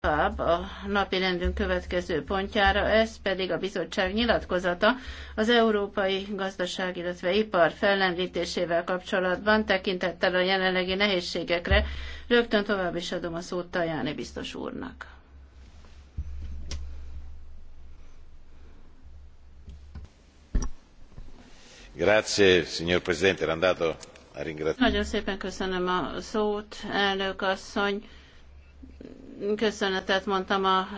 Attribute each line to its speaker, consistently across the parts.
Speaker 1: tovább a napi rendünk következő pontjára, ez pedig a bizottság nyilatkozata az európai gazdaság, illetve ipar fellendítésével kapcsolatban tekintettel a jelenlegi nehézségekre. Rögtön tovább is adom a szót Tajáni biztos úrnak.
Speaker 2: Grazie, signor Presidente, andato a ringraziare.
Speaker 1: Nagyon szépen köszönöm a szót, elnök asszony köszönetet mondtam a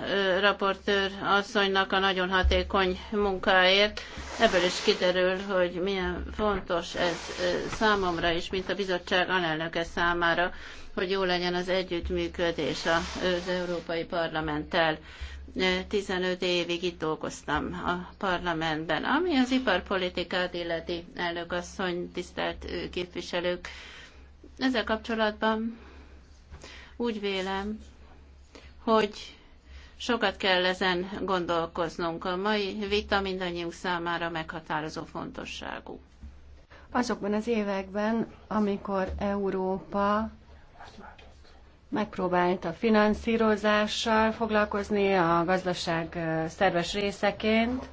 Speaker 1: raportőr asszonynak a nagyon hatékony munkáért. Ebből is kiderül, hogy milyen fontos ez számomra is, mint a bizottság alelnöke számára, hogy jó legyen az együttműködés az Európai Parlamenttel. 15 évig itt dolgoztam a parlamentben, ami az iparpolitikát illeti elnök asszony, tisztelt képviselők. Ezzel kapcsolatban úgy vélem, hogy sokat kell ezen gondolkoznunk. A mai vita mindannyiunk számára meghatározó fontosságú.
Speaker 3: Azokban az években, amikor Európa megpróbált a finanszírozással foglalkozni a gazdaság szerves részeként,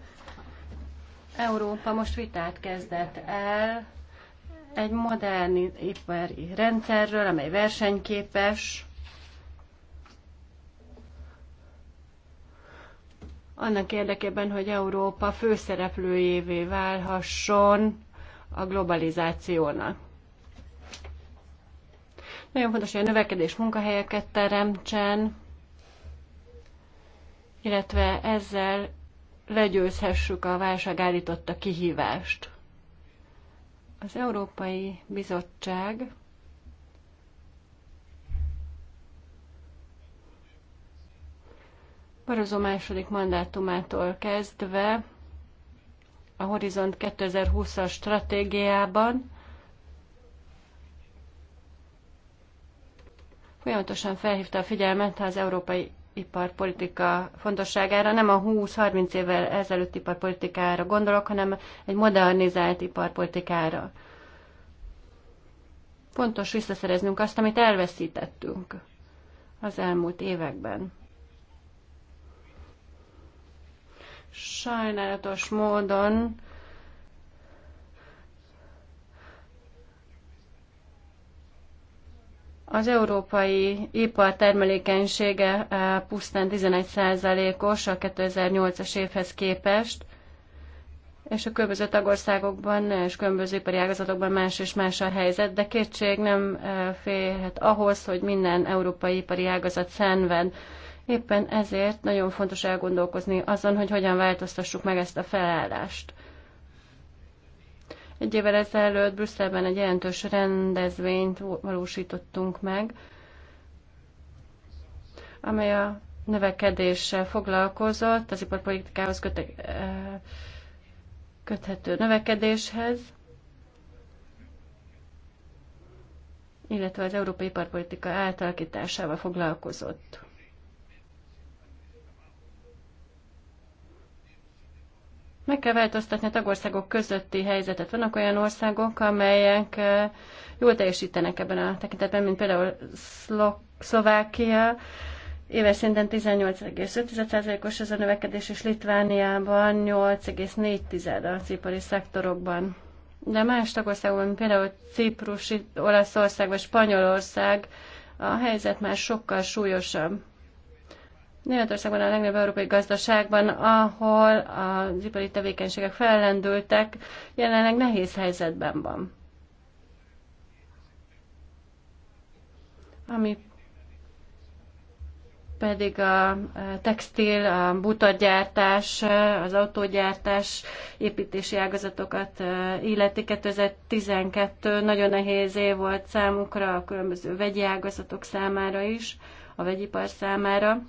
Speaker 3: Európa most vitát kezdett el egy modern ipari rendszerről, amely versenyképes, annak érdekében, hogy Európa főszereplőjévé válhasson a globalizációnak. Nagyon fontos, hogy a növekedés munkahelyeket teremtsen, illetve ezzel legyőzhessük a válság állította kihívást. Az Európai Bizottság Barozó második mandátumától kezdve a Horizont 2020-as stratégiában folyamatosan felhívta a figyelmet az európai iparpolitika fontosságára. Nem a 20-30 évvel ezelőtt iparpolitikára gondolok, hanem egy modernizált iparpolitikára. Fontos visszaszereznünk azt, amit elveszítettünk az elmúlt években. Sajnálatos módon Az európai ipar termelékenysége eh, pusztán 11%-os a 2008-as évhez képest, és a különböző tagországokban és különböző ipari ágazatokban más és más a helyzet, de kétség nem eh, félhet ahhoz, hogy minden európai ipari ágazat szenved. Éppen ezért nagyon fontos elgondolkozni azon, hogy hogyan változtassuk meg ezt a felállást. Egy évvel ezelőtt Brüsszelben egy jelentős rendezvényt valósítottunk meg, amely a növekedéssel foglalkozott, az iparpolitikához köte, köthető növekedéshez, illetve az európai iparpolitika átalakításával foglalkozott. Meg kell változtatni a tagországok közötti helyzetet. Vannak olyan országok, amelyek eh, jól teljesítenek ebben a tekintetben, mint például Szlo- Szlovákia, éves szinten 18,5%-os ez a növekedés, és Litvániában 8,4% az ipari szektorokban. De más tagországokban, mint például Ciprus, Olaszország vagy Spanyolország, a helyzet már sokkal súlyosabb. Németországban a legnagyobb európai gazdaságban, ahol az ipari tevékenységek fellendültek, jelenleg nehéz helyzetben van. Ami pedig a textil, a butagyártás, az autógyártás építési ágazatokat illeti. 2012 nagyon nehéz év volt számukra, a különböző vegyi ágazatok számára is, a vegyipar számára.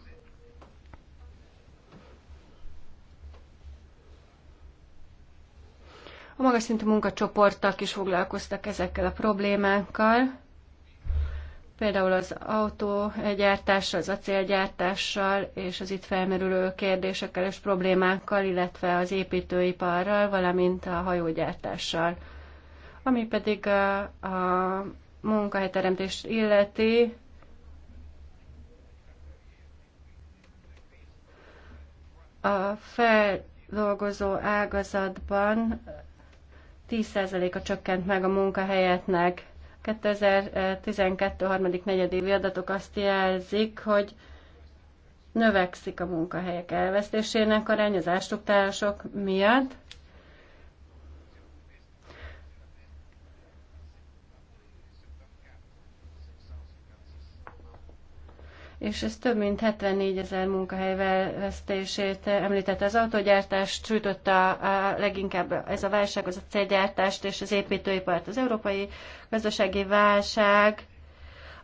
Speaker 3: A magas szintű munkacsoportok is foglalkoztak ezekkel a problémákkal, például az autógyártással, az acélgyártással és az itt felmerülő kérdésekkel és problémákkal, illetve az építőiparral, valamint a hajógyártással. Ami pedig a, a munkahelyteremtést illeti, a feldolgozó ágazatban 10%-a csökkent meg a munkahelyetnek. 2012. harmadik negyedévi adatok azt jelzik, hogy növekszik a munkahelyek elvesztésének arány az ástruktárások miatt, és ez több mint 74 ezer munkahely vesztését említette. Az autogyártást sújtotta a, a leginkább ez a válság, az a cégyártást és az építőipart. Az európai gazdasági válság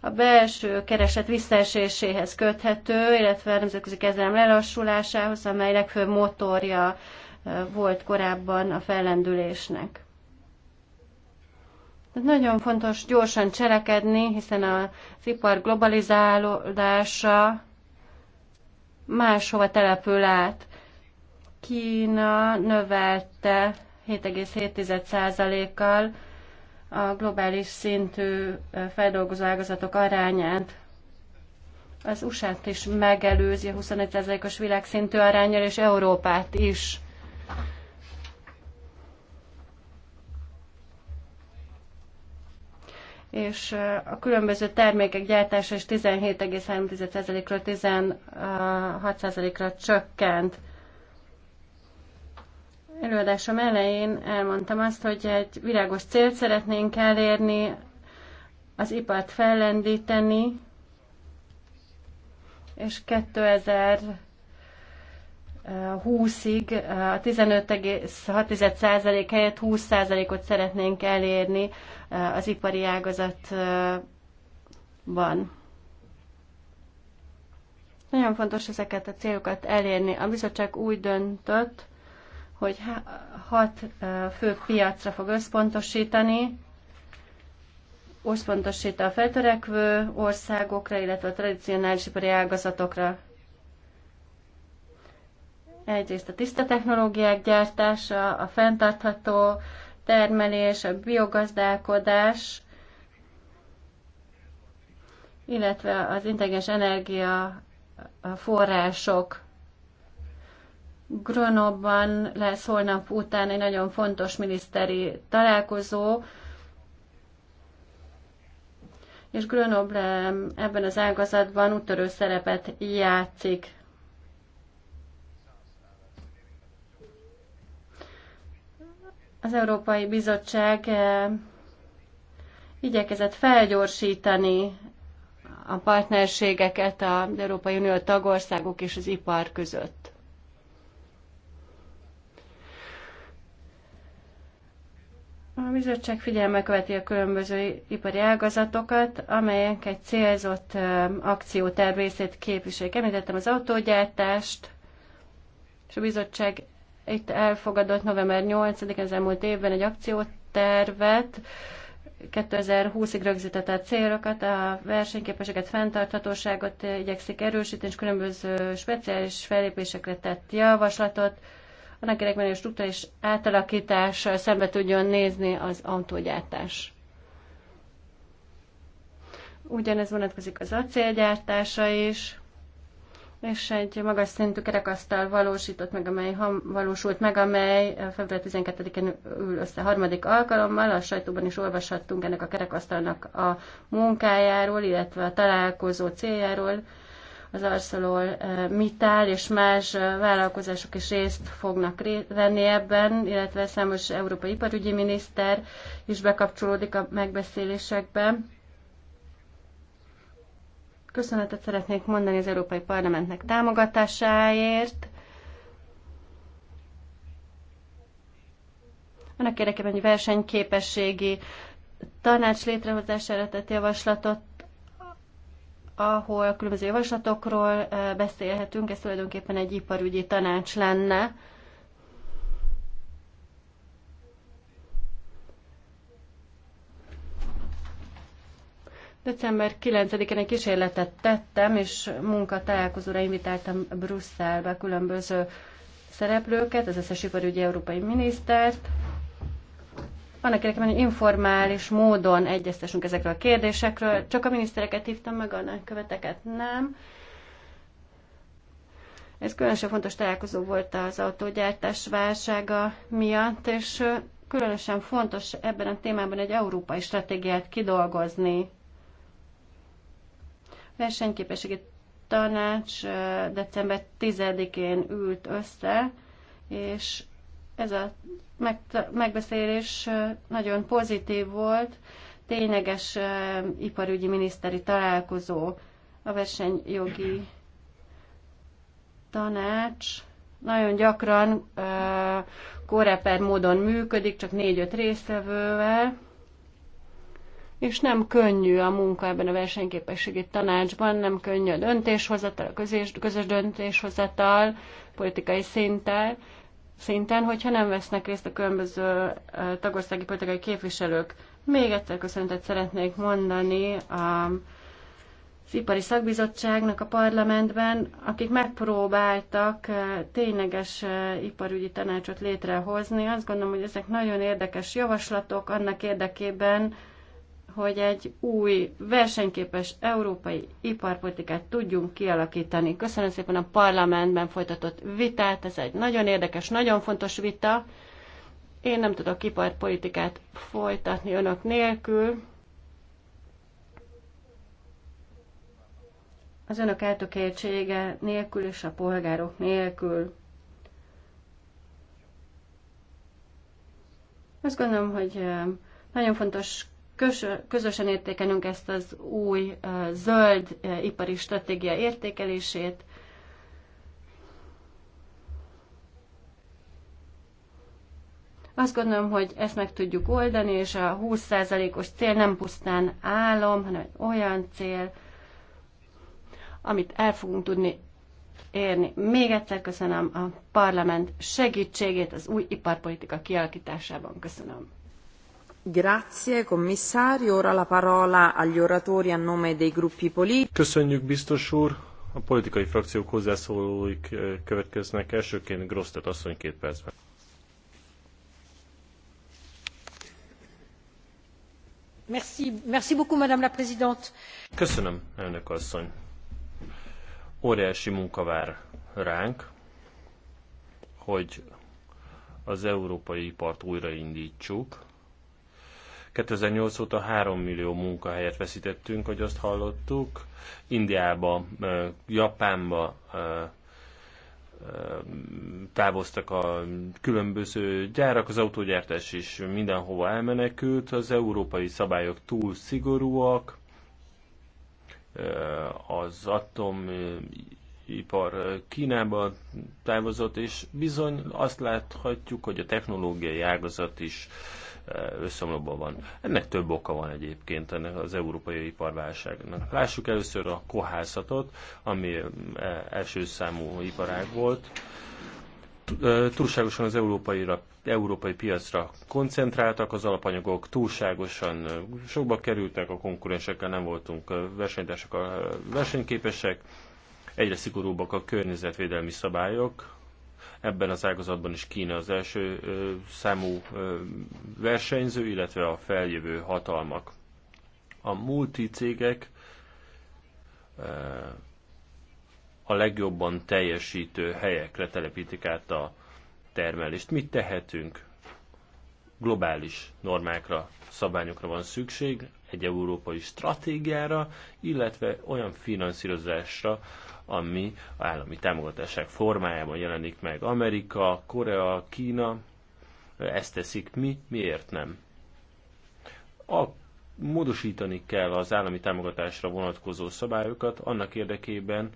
Speaker 3: a belső kereset visszaeséséhez köthető, illetve a nemzetközi kezelem lelassulásához, amely legfőbb motorja volt korábban a fellendülésnek. De nagyon fontos gyorsan cselekedni, hiszen az ipar globalizálódása máshova települ át. Kína növelte 7,7%-kal a globális szintű feldolgozó ágazatok arányát. Az USA-t is megelőzi a 21%-os világszintű arányjal, és Európát is. és a különböző termékek gyártása is 17,3%-ról 16%-ra csökkent. Előadásom elején elmondtam azt, hogy egy világos célt szeretnénk elérni, az ipart fellendíteni, és 2000 20-ig a 15,6% helyett 20%-ot szeretnénk elérni az ipari ágazatban. Nagyon fontos ezeket a célokat elérni. A bizottság úgy döntött, hogy hat fő piacra fog összpontosítani, összpontosít a feltörekvő országokra, illetve a tradicionális ipari ágazatokra Egyrészt a tiszta technológiák gyártása, a fenntartható termelés, a biogazdálkodás, illetve az integes energia források. Gronobban lesz holnap után egy nagyon fontos miniszteri találkozó, és Grönoble ebben az ágazatban úttörő szerepet játszik. Az Európai Bizottság eh, igyekezett felgyorsítani a partnerségeket az Európai Unió tagországok és az ipar között. A bizottság figyelme követi a különböző ipari ágazatokat, amelyek egy célzott eh, akcióterv részét képviselik. Említettem az autógyártást, és a bizottság itt elfogadott november 8-án az elmúlt évben egy akciótervet, 2020-ig rögzített célokat, a versenyképességet, fenntarthatóságot igyekszik erősíteni, és különböző speciális fellépésekre tett javaslatot, annak érdekében, hogy a struktúrális átalakítás szembe tudjon nézni az autógyártás. Ugyanez vonatkozik az acélgyártása is és egy magas szintű kerekasztal valósított meg, amely ham, valósult meg, amely eh, február 12-én ül össze harmadik alkalommal. A sajtóban is olvashattunk ennek a kerekasztalnak a munkájáról, illetve a találkozó céljáról. Az Arszalól eh, Mitál és más eh, vállalkozások is részt fognak venni ebben, illetve számos európai iparügyi miniszter is bekapcsolódik a megbeszélésekbe Köszönetet szeretnék mondani az Európai Parlamentnek támogatásáért. Annak érdekében, hogy versenyképességi tanács létrehozására tett javaslatot, ahol különböző javaslatokról eh, beszélhetünk, ez tulajdonképpen egy iparügyi tanács lenne. December 9-én egy kísérletet tettem, és munkatállalkozóra invitáltam Brüsszelbe különböző szereplőket, az összes iparügyi európai minisztert, annak érdekében, hogy informális módon egyeztessünk ezekről a kérdésekről. Csak a minisztereket hívtam meg, a követeket nem. Ez különösen fontos találkozó volt az autógyártás válsága miatt, és különösen fontos ebben a témában egy európai stratégiát kidolgozni versenyképességi tanács december 10-én ült össze, és ez a megbeszélés nagyon pozitív volt, tényleges iparügyi miniszteri találkozó, a versenyjogi tanács nagyon gyakran koreper módon működik, csak négy-öt résztvevővel és nem könnyű a munka ebben a versenyképességi tanácsban, nem könnyű a döntéshozatal, a közös, közös döntéshozatal, politikai szinten, szinten, hogyha nem vesznek részt a különböző tagországi politikai képviselők. Még egyszer köszöntet szeretnék mondani a az ipari szakbizottságnak a parlamentben, akik megpróbáltak tényleges iparügyi tanácsot létrehozni. Azt gondolom, hogy ezek nagyon érdekes javaslatok annak érdekében, hogy egy új, versenyképes európai iparpolitikát tudjunk kialakítani. Köszönöm szépen a parlamentben folytatott vitát, ez egy nagyon érdekes, nagyon fontos vita. Én nem tudok iparpolitikát folytatni önök nélkül. Az önök eltökéltsége nélkül és a polgárok nélkül. Azt gondolom, hogy eh, nagyon fontos közösen értékelnünk ezt az új zöld ipari stratégia értékelését. Azt gondolom, hogy ezt meg tudjuk oldani, és a 20%-os cél nem pusztán álom, hanem egy olyan cél, amit el fogunk tudni érni. Még egyszer köszönöm a parlament segítségét az új iparpolitika kialakításában. Köszönöm.
Speaker 4: Köszönjük, biztos úr. A politikai frakciók hozzászólóik eh, következnek. Elsőként Grosztet asszony két percben.
Speaker 3: Merci, merci beaucoup, madame la présidente.
Speaker 4: Köszönöm, elnök asszony. Óriási munka vár ránk, hogy az európai ipart újraindítsuk, 2008 óta 3 millió munkahelyet veszítettünk, hogy azt hallottuk. Indiába, Japánba távoztak a különböző gyárak, az autógyártás is mindenhova elmenekült, az európai szabályok túl szigorúak, az atomipar Kínába távozott, és bizony azt láthatjuk, hogy a technológiai ágazat is összeomlóban van. Ennek több oka van egyébként ennek az európai iparválságnak. Lássuk először a kohászatot, ami eh, első számú iparág volt. Eh, túlságosan az európai, európai piacra koncentráltak az alapanyagok, túlságosan eh, sokba kerültek, a konkurensekkel nem voltunk versenytársak, versenyképesek, egyre szigorúbbak a környezetvédelmi szabályok, Ebben az ágazatban is Kína az első számú versenyző, illetve a feljövő hatalmak. A multi cégek a legjobban teljesítő helyekre telepítik át a termelést. Mit tehetünk? Globális normákra, szabályokra van szükség, egy európai stratégiára, illetve olyan finanszírozásra, ami állami támogatások formájában jelenik meg. Amerika, Korea, Kína ezt teszik mi, miért nem? A módosítani kell az állami támogatásra vonatkozó szabályokat annak érdekében,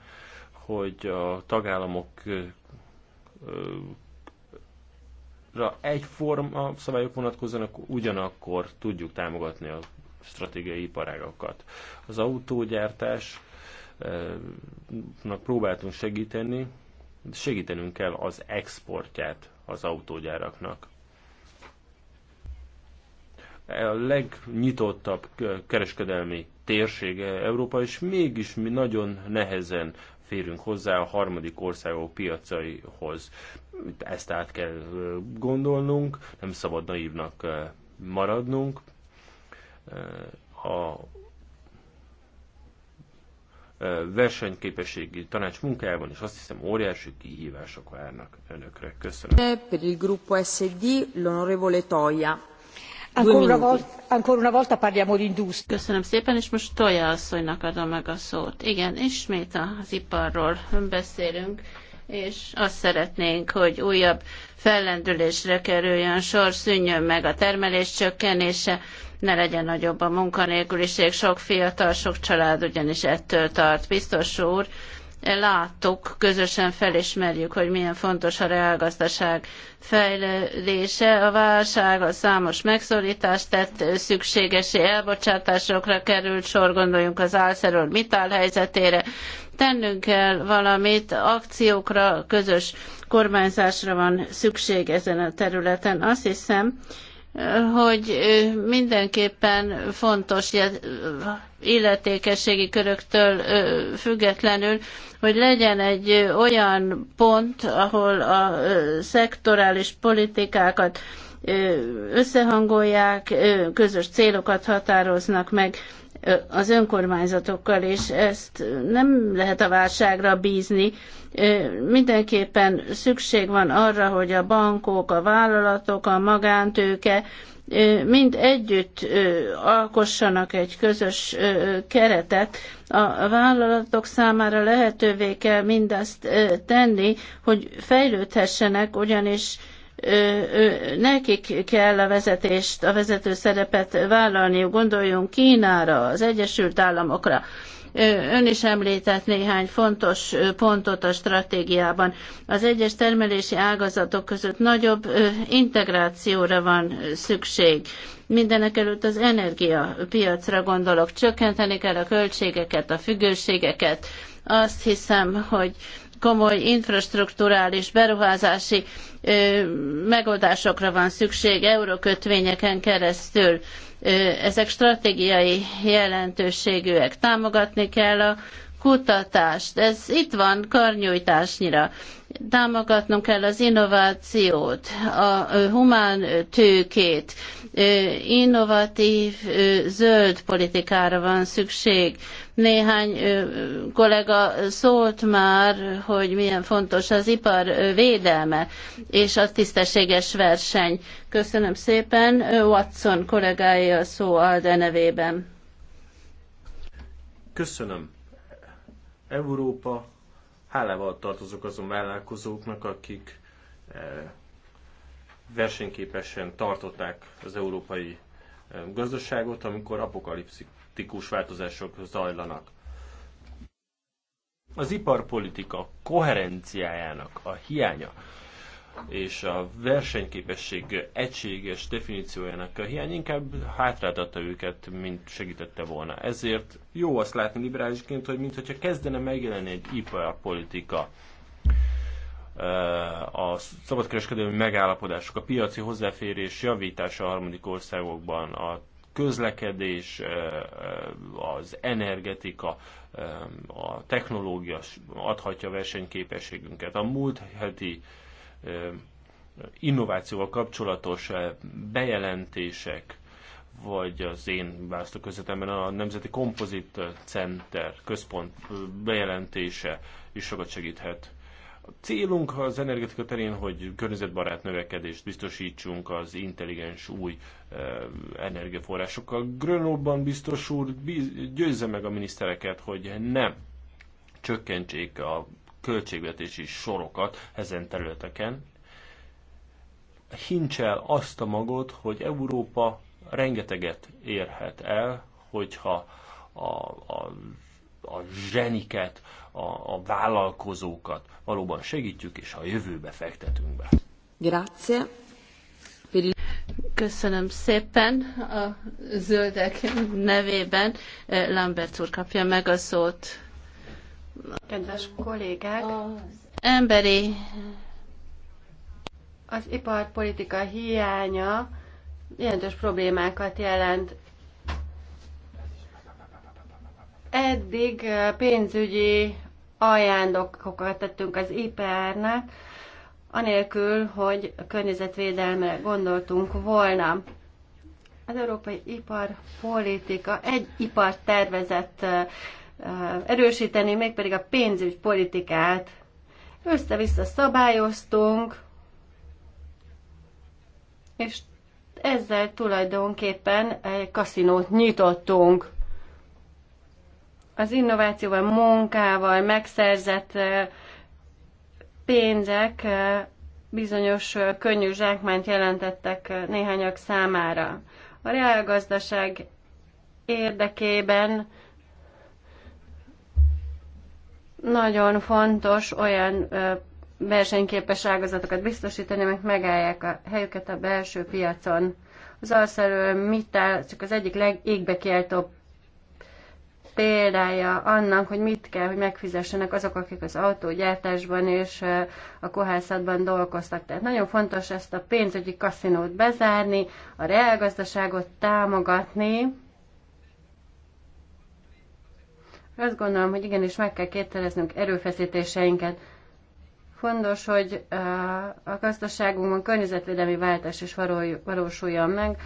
Speaker 4: hogy a tagállamok egyforma szabályok vonatkozzanak, ugyanakkor tudjuk támogatni a stratégiai iparágakat. Az autógyártás próbáltunk segíteni, segítenünk kell az exportját az autógyáraknak. A legnyitottabb kereskedelmi térség Európa, és mégis mi nagyon nehezen férünk hozzá a harmadik országok piacaihoz. Ezt át kell gondolnunk, nem szabad naívnak maradnunk. A versenyképességi tanács munkájában, és azt hiszem óriási kihívások várnak önökre. Köszönöm. Eh,
Speaker 3: per il gruppo SD, l'onorevole Toia. Ancora una volta parliamo di industria. Köszönöm szépen,
Speaker 1: és most Toja asszonynak adom meg a szót. Igen, ismét az iparról beszélünk és azt szeretnénk, hogy újabb fellendülésre kerüljön sor, szűnjön meg a termelés csökkenése, ne legyen nagyobb a munkanélküliség, sok fiatal, sok család ugyanis ettől tart. Biztos úr, látok, közösen felismerjük, hogy milyen fontos a reálgazdaság fejlődése. A válság a számos megszorítást tett szükségesi elbocsátásokra került sor, gondoljunk az álszerről mitál helyzetére, tennünk kell valamit, akciókra, közös kormányzásra van szükség ezen a területen. Azt hiszem, hogy mindenképpen fontos illetékességi köröktől függetlenül, hogy legyen egy olyan pont, ahol a szektorális politikákat összehangolják, közös célokat határoznak meg az önkormányzatokkal, és ezt nem lehet a válságra bízni. Mindenképpen szükség van arra, hogy a bankok, a vállalatok, a magántőke mind együtt alkossanak egy közös keretet. A vállalatok számára lehetővé kell mindazt tenni, hogy fejlődhessenek, ugyanis nekik kell a vezetést, a vezető szerepet vállalniuk. Gondoljunk Kínára, az Egyesült Államokra Ön is említett néhány fontos pontot a stratégiában. Az egyes termelési ágazatok között nagyobb integrációra van szükség. Mindenek előtt az energiapiacra gondolok. Csökkenteni kell a költségeket, a függőségeket. Azt hiszem, hogy komoly infrastrukturális beruházási ö, megoldásokra van szükség eurokötvényeken keresztül ezek stratégiai jelentőségűek. Támogatni kell a kutatást. Ez itt van karnyújtásnyira. Támogatnunk kell az innovációt, a humán tőkét, innovatív zöld politikára van szükség. Néhány kollega szólt már, hogy milyen fontos az ipar védelme és a tisztességes verseny. Köszönöm szépen. Watson kollégája a szó Alde nevében.
Speaker 4: Köszönöm Európa, hálával tartozok azon vállalkozóknak, akik eh, versenyképesen tartották az európai eh, gazdaságot, amikor apokaliptikus változások zajlanak. Az iparpolitika koherenciájának a hiánya és a versenyképesség egységes definíciójának a hiány inkább hátráltatta őket, mint segítette volna. Ezért jó azt látni liberálisként, hogy mintha kezdene megjelenni egy iparpolitika, a szabadkereskedelmi megállapodások, a piaci hozzáférés javítása a harmadik országokban, a közlekedés, az energetika, a technológia adhatja a versenyképességünket. A múlt heti innovációval kapcsolatos bejelentések, vagy az én választóközvetemben a Nemzeti Kompozit Center központ bejelentése is sokat segíthet. A célunk az energetika terén, hogy környezetbarát növekedést biztosítsunk az intelligens új energiaforrásokkal. Grönlóban biztos úr győzze meg a minisztereket, hogy nem csökkentsék a költségvetési sorokat ezen területeken. Hincsel azt a magot, hogy Európa rengeteget érhet el, hogyha a, a, a zseniket, a, a vállalkozókat valóban segítjük, és a jövőbe fektetünk be.
Speaker 1: Grazie. Köszönöm szépen a zöldek nevében. Lambert úr kapja meg a szót.
Speaker 3: Kedves kollégák, az emberi az iparpolitika hiánya jelentős problémákat jelent. Eddig eh, pénzügyi ajándokokat tettünk az IPR-nek, anélkül, hogy a környezetvédelmre gondoltunk volna. Az európai iparpolitika egy ipartervezet eh, Eh, erősíteni, mégpedig a pénzügypolitikát. Össze-vissza szabályoztunk, és ezzel tulajdonképpen egy kaszinót nyitottunk. Az innovációval, munkával megszerzett eh, pénzek eh, bizonyos könnyű zsákmányt jelentettek néhányak számára. A reálgazdaság érdekében nagyon fontos olyan versenyképes ágazatokat biztosítani, amik megállják a helyüket a belső piacon. Az alszerről mit áll, csak az egyik legégbe kiáltóbb példája annak, hogy mit kell, hogy megfizessenek azok, akik az autógyártásban és a kohászatban dolgoztak. Tehát nagyon fontos ezt a pénzügyi kaszinót bezárni, a reálgazdaságot támogatni, Azt gondolom, hogy igenis meg kell kételeznünk erőfeszítéseinket. Fontos, hogy a gazdaságunkban környezetvédelmi váltás is valósuljon meg.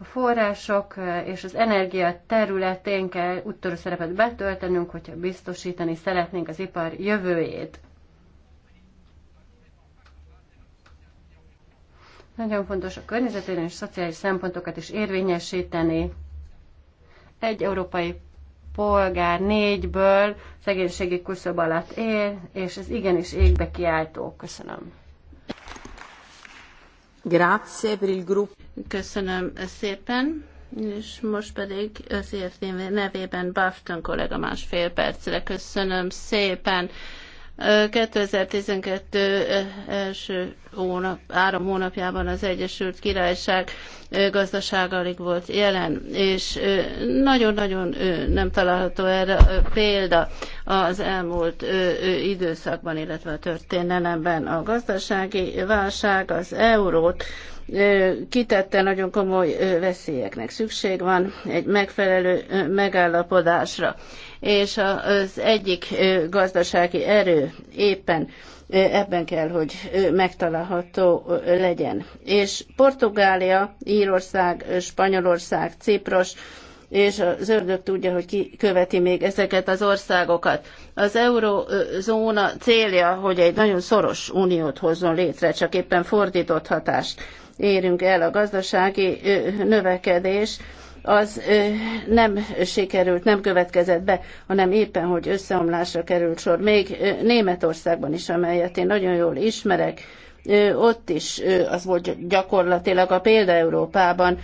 Speaker 3: A források és az energia területén kell úttörő szerepet betöltenünk, hogyha biztosítani szeretnénk az ipar jövőjét. Nagyon fontos a környezetvédelmi és szociális szempontokat is érvényesíteni. Egy európai polgár négyből szegénységi küszöb alatt él, és ez igenis égbe kiáltó. Köszönöm. Grazie per il
Speaker 1: gruppo. Köszönöm szépen, és most pedig az EFD nevében Bafton kollega másfél percre. Köszönöm szépen. 2012 első hónap, három hónapjában az Egyesült Királyság gazdasága alig volt jelen, és nagyon-nagyon nem található erre példa az elmúlt időszakban, illetve a történelemben. A gazdasági válság az eurót kitette nagyon komoly veszélyeknek. Szükség van egy megfelelő megállapodásra és az egyik gazdasági erő éppen ebben kell, hogy megtalálható legyen. És Portugália, Írország, Spanyolország, Ciprus, és az ördög tudja, hogy ki követi még ezeket az országokat. Az eurozóna célja, hogy egy nagyon szoros uniót hozzon létre, csak éppen fordított hatást érünk el a gazdasági növekedés az nem sikerült, nem következett be, hanem éppen, hogy összeomlásra került sor. Még Németországban is, amelyet én nagyon jól ismerek, ott is az volt gyakorlatilag a példa Európában,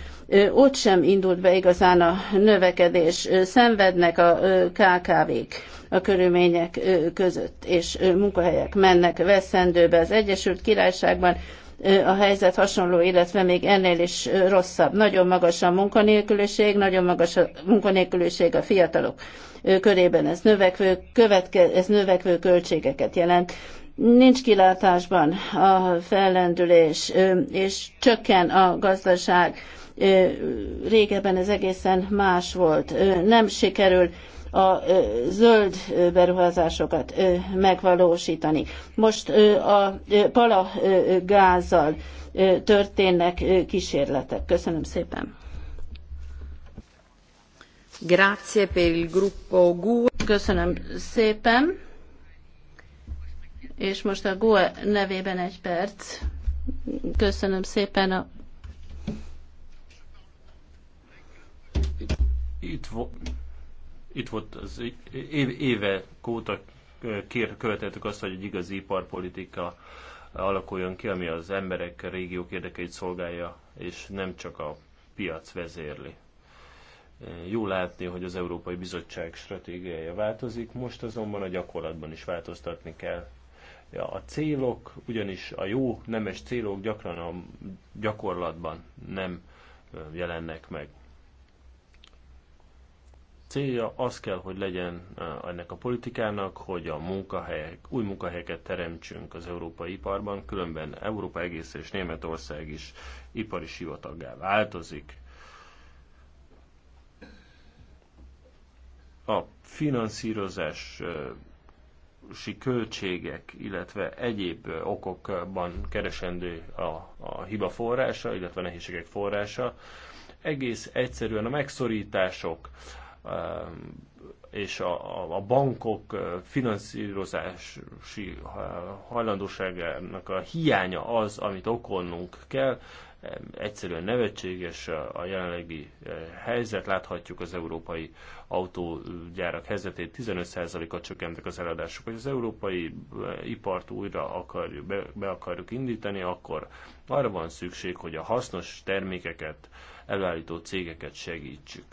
Speaker 1: ott sem indult be igazán a növekedés, szenvednek a KKV-k a körülmények között, és munkahelyek mennek veszendőbe. Az Egyesült Királyságban a helyzet hasonló, illetve még ennél is rosszabb. Nagyon magas a munkanélküliség, nagyon magas a munkanélküliség a fiatalok körében. Ez növekvő, követke, ez növekvő költségeket jelent. Nincs kilátásban a fellendülés, és csökken a gazdaság. Régebben ez egészen más volt. Nem sikerül a zöld beruházásokat megvalósítani. Most a gázzal történnek kísérletek. Köszönöm szépen. Grazie per il gruppo GUE. Köszönöm szépen. És most a GUE nevében egy perc. Köszönöm szépen a
Speaker 4: itt, itt itt volt az éve óta kér, követeltük azt, hogy egy igazi iparpolitika alakuljon ki, ami az emberek, a régiók érdekeit szolgálja, és nem csak a piac vezérli. Jó látni, hogy az Európai Bizottság stratégiája változik, most azonban a gyakorlatban is változtatni kell. Ja, a célok, ugyanis a jó nemes célok gyakran a gyakorlatban nem jelennek meg célja az kell, hogy legyen ennek a politikának, hogy a munkahelyek, új munkahelyeket teremtsünk az európai iparban, különben Európa egész és Németország is ipari sivataggá változik. A finanszírozási költségek, illetve egyéb okokban keresendő a, a hiba forrása, illetve a nehézségek forrása. Egész egyszerűen a megszorítások, Ehm, és a, a bankok eh, finanszírozási eh, hajlandóságának a hiánya az, amit okolnunk kell. Ehm, egyszerűen nevetséges a jelenlegi eh, helyzet. Láthatjuk az európai autógyárak helyzetét, 15%-a csökkentek az eladások. Hogy az európai ipart újra akarjuk, be, be akarjuk indítani, akkor arra van szükség, hogy a hasznos termékeket előállító cégeket segítsük.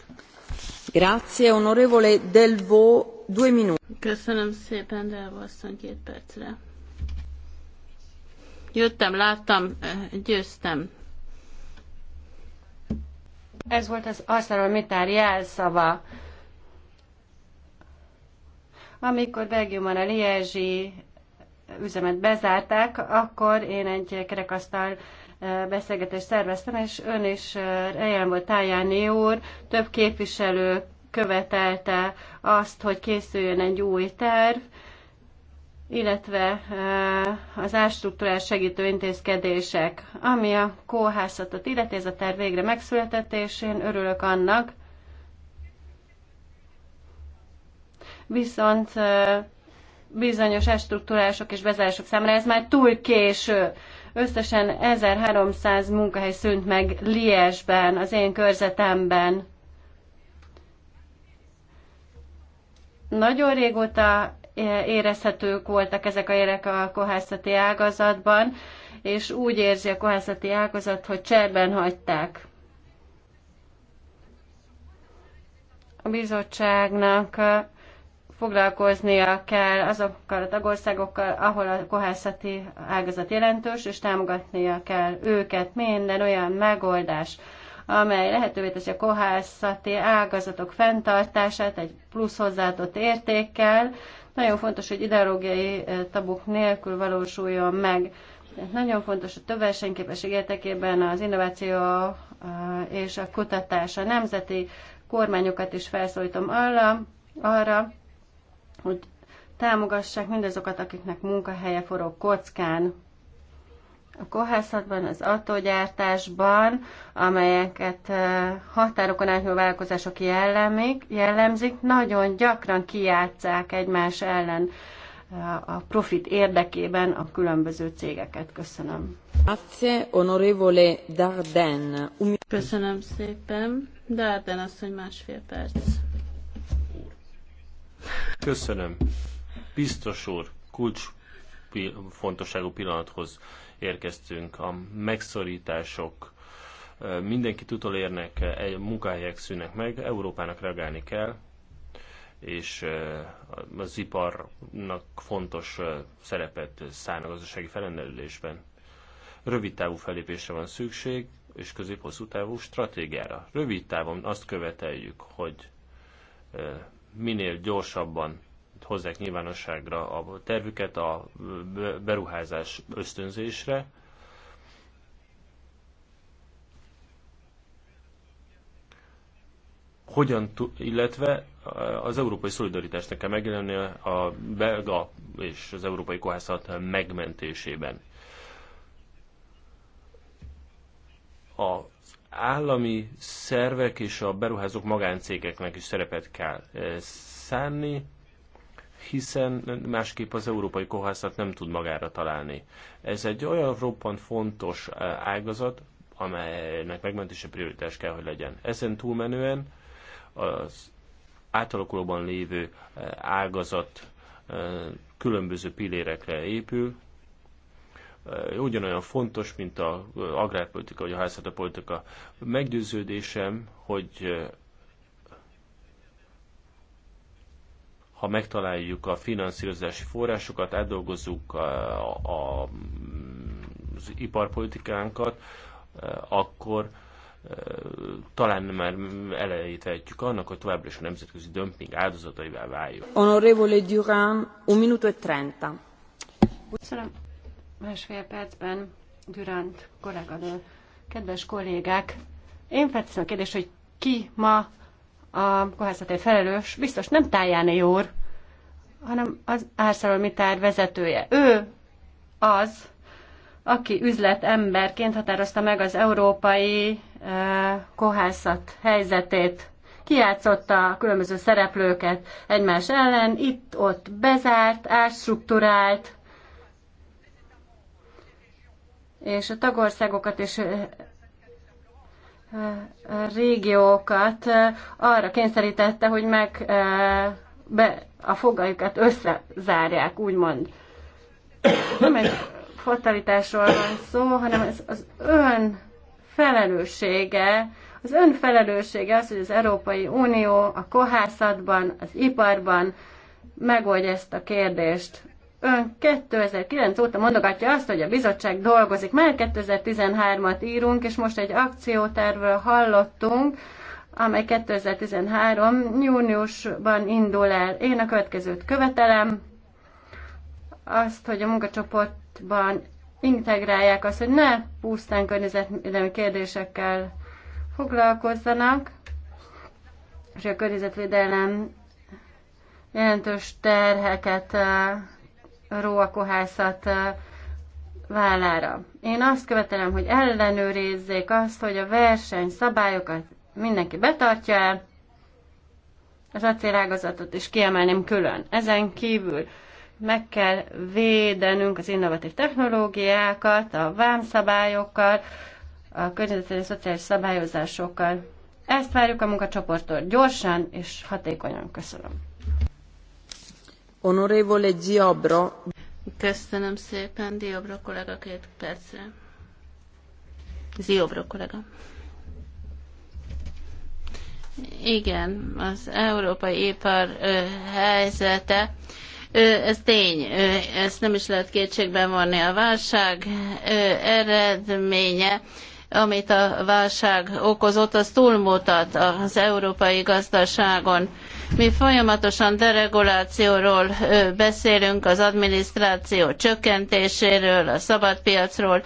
Speaker 3: Jöttem, láttam, eh, győztem. Ez volt az mitár jelszava. Amikor Belgiumban a Liezsi üzemet bezárták, akkor én egy kerekasztal beszélgetést szerveztem, és ön is eljelen volt Tájáné úr, több képviselő követelte azt, hogy készüljön egy új terv, illetve az árstruktúrás segítő intézkedések, ami a kóházatot illeti, ez a terv végre megszületett, és én örülök annak. Viszont bizonyos árstruktúrások és bezárások számára ez már túl késő. Összesen 1300 munkahely szűnt meg Liesben, az én körzetemben. Nagyon régóta érezhetők voltak ezek a érek a kohászati ágazatban, és úgy érzi a kohászati ágazat, hogy cserben hagyták. A bizottságnak foglalkoznia kell azokkal a tagországokkal, ahol a kohászati ágazat jelentős, és támogatnia kell őket minden olyan megoldás, amely lehetővé teszi a kohászati ágazatok fenntartását egy plusz hozzáadott értékkel. Nagyon fontos, hogy ideológiai eh, tabuk nélkül valósuljon meg. Nagyon fontos a több versenyképesség értekében az innováció eh, és a kutatás a nemzeti kormányokat is felszólítom arra, arra, hogy támogassák mindazokat, akiknek munkahelye forog kockán. A kohászatban, az attógyártásban, amelyeket eh, határokon átnyúló vállalkozások jellemik, jellemzik, nagyon gyakran kiátszák egymás ellen eh, a profit érdekében a különböző cégeket. Köszönöm. Um- Köszönöm szépen.
Speaker 1: Darden asszony másfél perc.
Speaker 4: Köszönöm. Biztos úr, kulcs fontosságú pillanathoz érkeztünk. A megszorítások mindenkit utolérnek, munkahelyek szűnnek meg, Európának reagálni kell, és az iparnak fontos szerepet száll a gazdasági felrendelésben. Rövid távú felépésre van szükség, és közép-hosszú távú stratégiára. Rövid távon azt követeljük, hogy minél gyorsabban hozzák nyilvánosságra a tervüket a beruházás ösztönzésre. Hogyan, illetve eh, az európai szolidaritásnak kell megjelenni a belga és az európai kohászat megmentésében. A állami szervek és a beruházók magáncégeknek is szerepet kell eh, szánni, hiszen másképp az európai kohászat nem tud magára találni. Ez egy olyan roppant fontos eh, ágazat, amelynek megmentése prioritás kell, hogy legyen. Ezen túlmenően az átalakulóban lévő eh, ágazat különböző pillérekre épül, ugyanolyan fontos, mint a agrárpolitika vagy a politika. Meggyőződésem, hogy ha megtaláljuk a finanszírozási forrásokat, átdolgozzuk a, a, az iparpolitikánkat, akkor talán már elejét vehetjük annak, hogy továbbra is a nemzetközi dömping áldozataivá váljuk.
Speaker 3: Honorevole Durán, un minuto e trenta. Köszönöm másfél percben Durant kolléganő. Kedves kollégák, én felteszem a kérdést, hogy ki ma a kohászatért felelős, biztos nem Tájáné úr, hanem az ArcelorMittal vezetője. Ő az, aki üzletemberként határozta meg az európai uh, kohászat helyzetét, kiátszotta a különböző szereplőket egymás ellen, itt-ott bezárt, átstruktúrált, és a tagországokat és régiókat arra kényszerítette, hogy meg be, a fogaikat összezárják, úgymond. Nem egy fatalitásról van szó, hanem ez az ön felelőssége, az ön felelőssége az, hogy az Európai Unió a kohászatban, az iparban megoldja ezt a kérdést. Ön 2009 óta mondogatja azt, hogy a bizottság dolgozik. Már 2013-at írunk, és most egy akciótervről hallottunk, amely 2013 júniusban indul el. Én a következőt követelem, azt, hogy a munkacsoportban integrálják azt, hogy ne pusztán környezetvédelmi kérdésekkel foglalkozzanak, és a környezetvédelem jelentős terheket eh, róa kohászat vállára. Én azt követelem, hogy ellenőrizzék azt, hogy a verseny szabályokat mindenki betartja el, az acélágazatot is kiemelném külön. Ezen kívül meg kell védenünk az innovatív technológiákat, a vámszabályokkal, a környezeti szociális szabályozásokkal. Ezt várjuk a munkacsoporttól gyorsan és hatékonyan. Köszönöm. Köszönöm
Speaker 1: szépen, kollega, kollega. Igen, az európai ipar ö, helyzete, ö, ez tény, ö, ezt nem is lehet kétségben vonni. A válság ö, eredménye, amit a válság okozott, az túlmutat az európai gazdaságon. Ö, mi folyamatosan deregulációról beszélünk, az adminisztráció csökkentéséről, a szabadpiacról,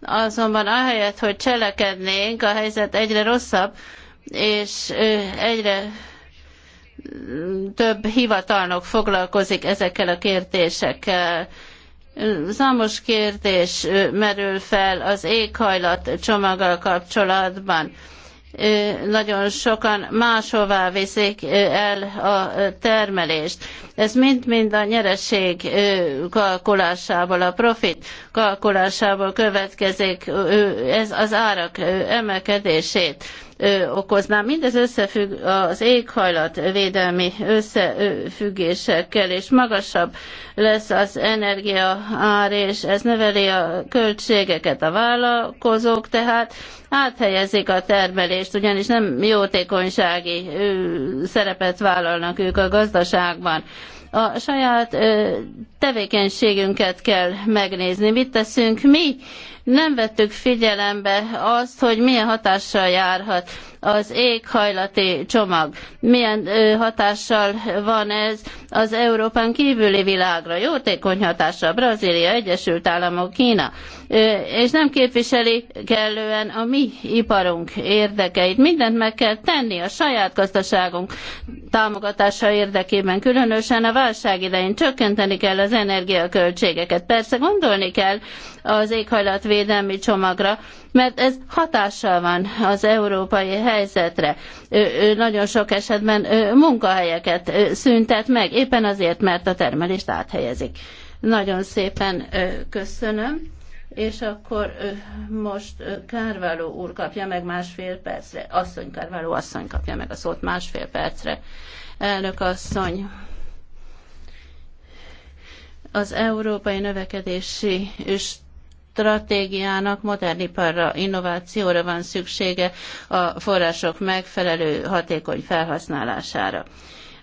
Speaker 1: azonban ahelyett, hogy cselekednénk, a helyzet egyre rosszabb, és egyre mm, több hivatalnok foglalkozik ezekkel a kérdésekkel. Számos kérdés merül fel az éghajlat csomaggal kapcsolatban nagyon sokan máshová viszik el a termelést. Ez mind-mind a nyereség kalkulásából, a profit kalkulásából következik, ez az árak emelkedését okozná. Mindez összefügg az éghajlatvédelmi összefüggésekkel, és magasabb lesz az energia ár, és ez növeli a költségeket a vállalkozók, tehát áthelyezik a termelést, ugyanis nem jótékonysági szerepet vállalnak ők a gazdaságban a saját tevékenységünket kell megnézni. Mit teszünk mi nem vettük figyelembe azt, hogy milyen hatással járhat az éghajlati csomag. Milyen hatással van ez az Európán kívüli világra? Jótékony hatással Brazília, Egyesült Államok, Kína és nem képviseli kellően a mi iparunk érdekeit. Mindent meg kell tenni a saját gazdaságunk támogatása érdekében, különösen a válság idején csökkenteni kell az energiaköltségeket. Persze gondolni kell az éghajlatvédelmi csomagra, mert ez hatással van az európai helyzetre. Ő nagyon sok esetben munkahelyeket szüntet meg, éppen azért, mert a termelést áthelyezik. Nagyon szépen köszönöm és akkor most Kárváló úr kapja meg másfél percre, asszony Kárváló asszony kapja meg a szót másfél percre. Elnök asszony, az európai növekedési stratégiának modern iparra, innovációra van szüksége a források megfelelő hatékony felhasználására.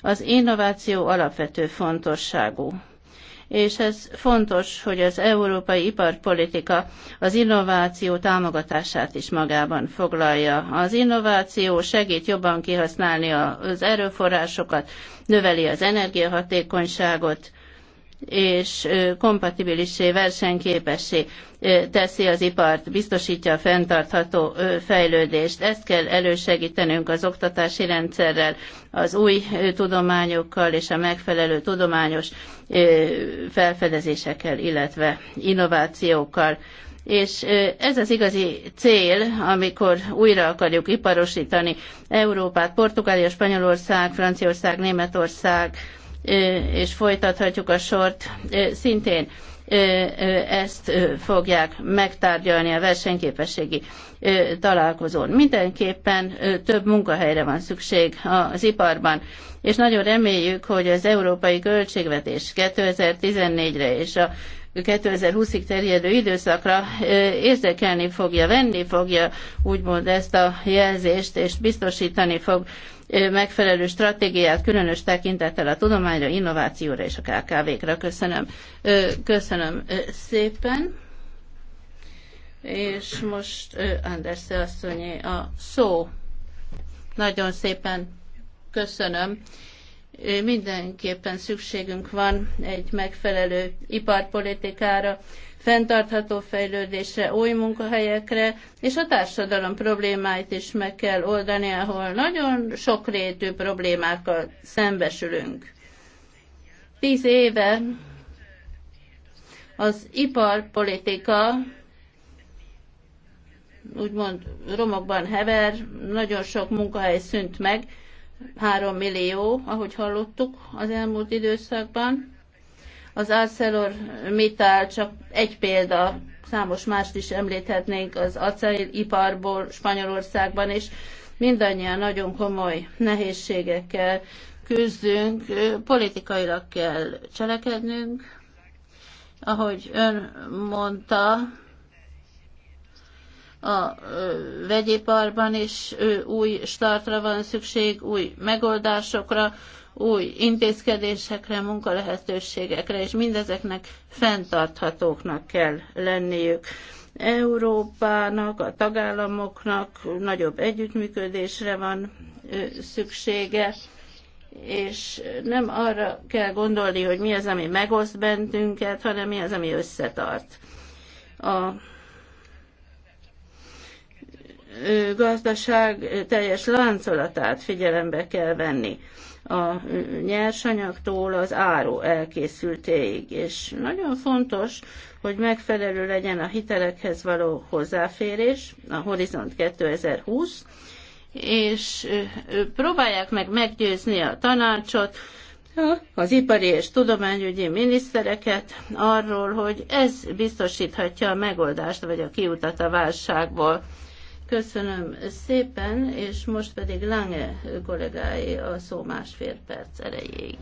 Speaker 1: Az innováció alapvető fontosságú és ez fontos, hogy az európai iparpolitika az innováció támogatását is magában foglalja. Az innováció segít jobban kihasználni az erőforrásokat, növeli az energiahatékonyságot, és kompatibilissé, versenyképessé teszi az ipart, biztosítja a fenntartható fejlődést. Ezt kell elősegítenünk az oktatási rendszerrel, az új tudományokkal és a megfelelő tudományos felfedezésekkel, illetve innovációkkal és ez az igazi cél, amikor újra akarjuk iparosítani Európát, Portugália, Spanyolország, Franciaország, Németország, és folytathatjuk a sort, szintén ezt fogják megtárgyalni a versenyképességi találkozón. Mindenképpen több munkahelyre van szükség az iparban, és nagyon reméljük, hogy az európai költségvetés 2014-re és a 2020-ig terjedő időszakra érzékelni fogja, venni fogja úgymond ezt a jelzést, és biztosítani fog megfelelő stratégiát, különös tekintettel a tudományra, innovációra és a KKV-kra. Köszönöm. Köszönöm szépen. És most Andersze asszonyé a szó. Nagyon szépen köszönöm mindenképpen szükségünk van egy megfelelő iparpolitikára, fenntartható fejlődésre, új munkahelyekre, és a társadalom problémáit is meg kell oldani, ahol nagyon sokrétű problémákkal szembesülünk. Tíz éve az iparpolitika úgymond romokban hever, nagyon sok munkahely szűnt meg, három millió, ahogy hallottuk az elmúlt időszakban. Az Mittal csak egy példa, számos mást is említhetnénk az iparból Spanyolországban, és mindannyian nagyon komoly nehézségekkel küzdünk, politikailag kell cselekednünk. Ahogy ön mondta, a vegyiparban is új startra van szükség, új megoldásokra, új intézkedésekre, munkalehetőségekre, és mindezeknek fenntarthatóknak kell lenniük. Európának, a tagállamoknak nagyobb együttműködésre van szüksége, és nem arra kell gondolni, hogy mi az, ami megoszt bentünket hanem mi az, ami összetart. A gazdaság teljes láncolatát figyelembe kell venni a nyersanyagtól az áru elkészültéig. És nagyon fontos, hogy megfelelő legyen a hitelekhez való hozzáférés, a Horizont 2020, és próbálják meg meggyőzni a tanácsot, az ipari és tudományügyi minisztereket arról, hogy ez biztosíthatja a megoldást vagy a kiutat a válságból. Köszönöm szépen, és most pedig Lange kollégái a szó másfél perc erejéig.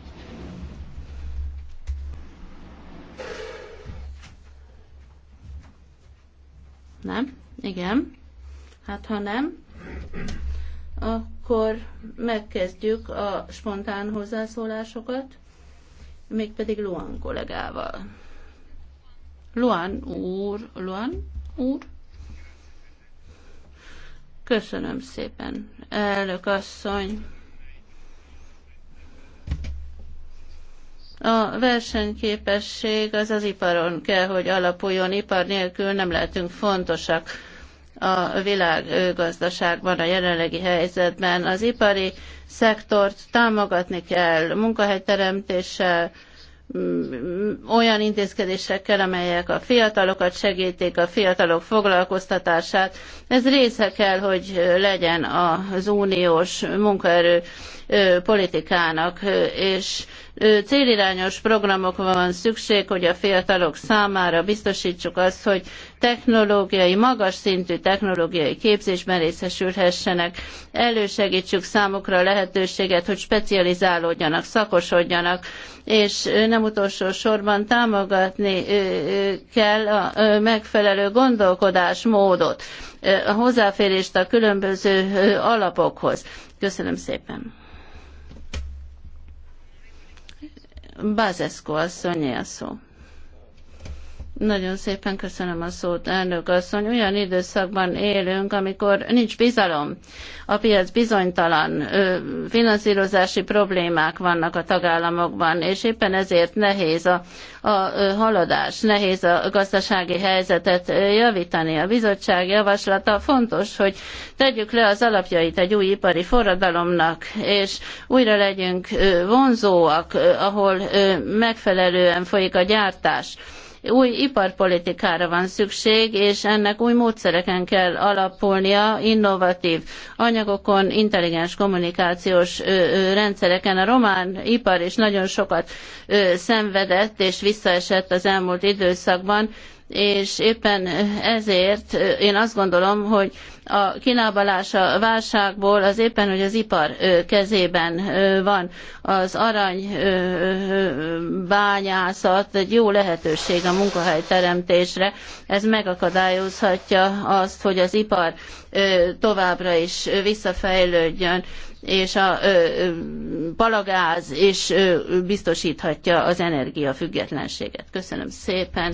Speaker 1: Nem? Igen. Hát ha nem, akkor megkezdjük a spontán hozzászólásokat, mégpedig Luan kollégával. Luan úr, Luan úr. Köszönöm szépen, elnök asszony. A versenyképesség az az iparon kell, hogy alapuljon. Ipar nélkül nem lehetünk fontosak a világgazdaságban, a jelenlegi helyzetben. Az ipari szektort támogatni kell munkahelyteremtéssel, Mm, olyan intézkedésekkel, amelyek a fiatalokat segítik, a fiatalok foglalkoztatását. Ez része kell, hogy legyen az uniós munkaerő politikának, és célirányos programokra van szükség, hogy a fiatalok számára biztosítsuk azt, hogy technológiai, magas szintű technológiai képzésben részesülhessenek, elősegítsük számukra a lehetőséget, hogy specializálódjanak, szakosodjanak, és nem utolsó sorban támogatni kell a megfelelő gondolkodásmódot, a hozzáférést a különböző alapokhoz. Köszönöm szépen! Bázeszko asszonyé a szó. Nagyon szépen köszönöm a szót, elnök asszony. Olyan időszakban élünk, amikor nincs bizalom. A piac bizonytalan, finanszírozási problémák vannak a tagállamokban, és éppen ezért nehéz a, a haladás, nehéz a gazdasági helyzetet javítani. A bizottság javaslata fontos, hogy tegyük le az alapjait egy új ipari forradalomnak, és újra legyünk vonzóak, ahol megfelelően folyik a gyártás új iparpolitikára van szükség, és ennek új módszereken kell alapulnia, innovatív anyagokon, intelligens kommunikációs rendszereken. A román ipar is nagyon sokat szenvedett és visszaesett az elmúlt időszakban, és éppen ezért én azt gondolom, hogy a kilábalás a válságból az éppen, hogy az ipar kezében van. Az aranybányászat egy jó lehetőség a munkahelyteremtésre. Ez megakadályozhatja azt, hogy az ipar továbbra is visszafejlődjön és a palagáz is biztosíthatja az energiafüggetlenséget. Köszönöm szépen!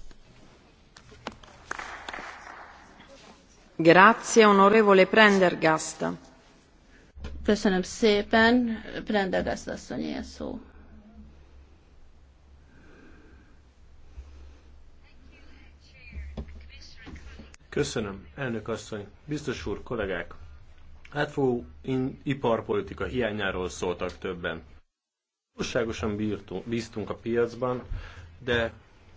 Speaker 3: Prendergast.
Speaker 1: Köszönöm szépen. szó.
Speaker 4: Köszönöm, elnök asszony, biztos úr, kollégák. Átfogó iparpolitika hiányáról szóltak többen. Túlságosan bíztunk a piacban, de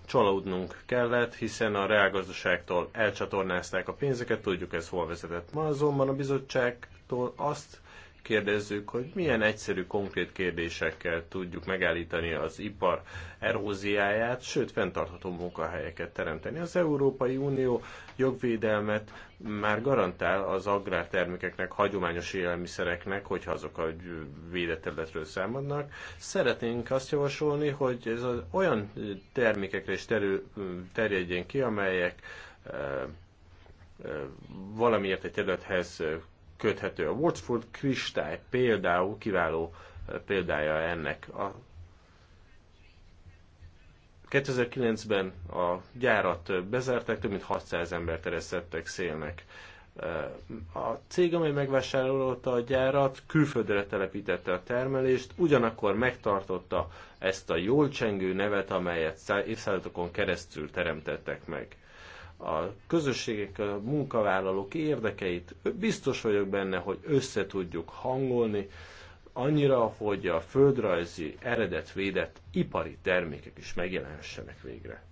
Speaker 4: csalódnunk kellett, hiszen a reálgazdaságtól elcsatornázták a pénzeket, tudjuk ez hol vezetett. Ma azonban a bizottságtól azt kérdezzük, hogy milyen egyszerű, konkrét kérdésekkel tudjuk megállítani az ipar eróziáját, sőt, fenntartható munkahelyeket teremteni. Az Európai Unió jogvédelmet már garantál az agrártermékeknek, hagyományos élelmiszereknek, hogyha azok a védett területről számadnak. Szeretnénk azt javasolni, hogy ez az olyan termékekre is terül, terjedjen ki, amelyek eh, eh, valamiért egy területhez köthető. A Watford kristály például kiváló eh, példája ennek. A 2009-ben a gyárat eh, bezárták, több mint 600 ember eresztettek szélnek. Eh, a cég, amely megvásárolta a gyárat, külföldre telepítette a termelést, ugyanakkor megtartotta ezt a jól csengő nevet, amelyet évszázadokon keresztül teremtettek meg a közösségek, a munkavállalók érdekeit biztos vagyok benne, hogy össze tudjuk hangolni, annyira, hogy a földrajzi eredetvédett ipari termékek is megjelenhessenek végre.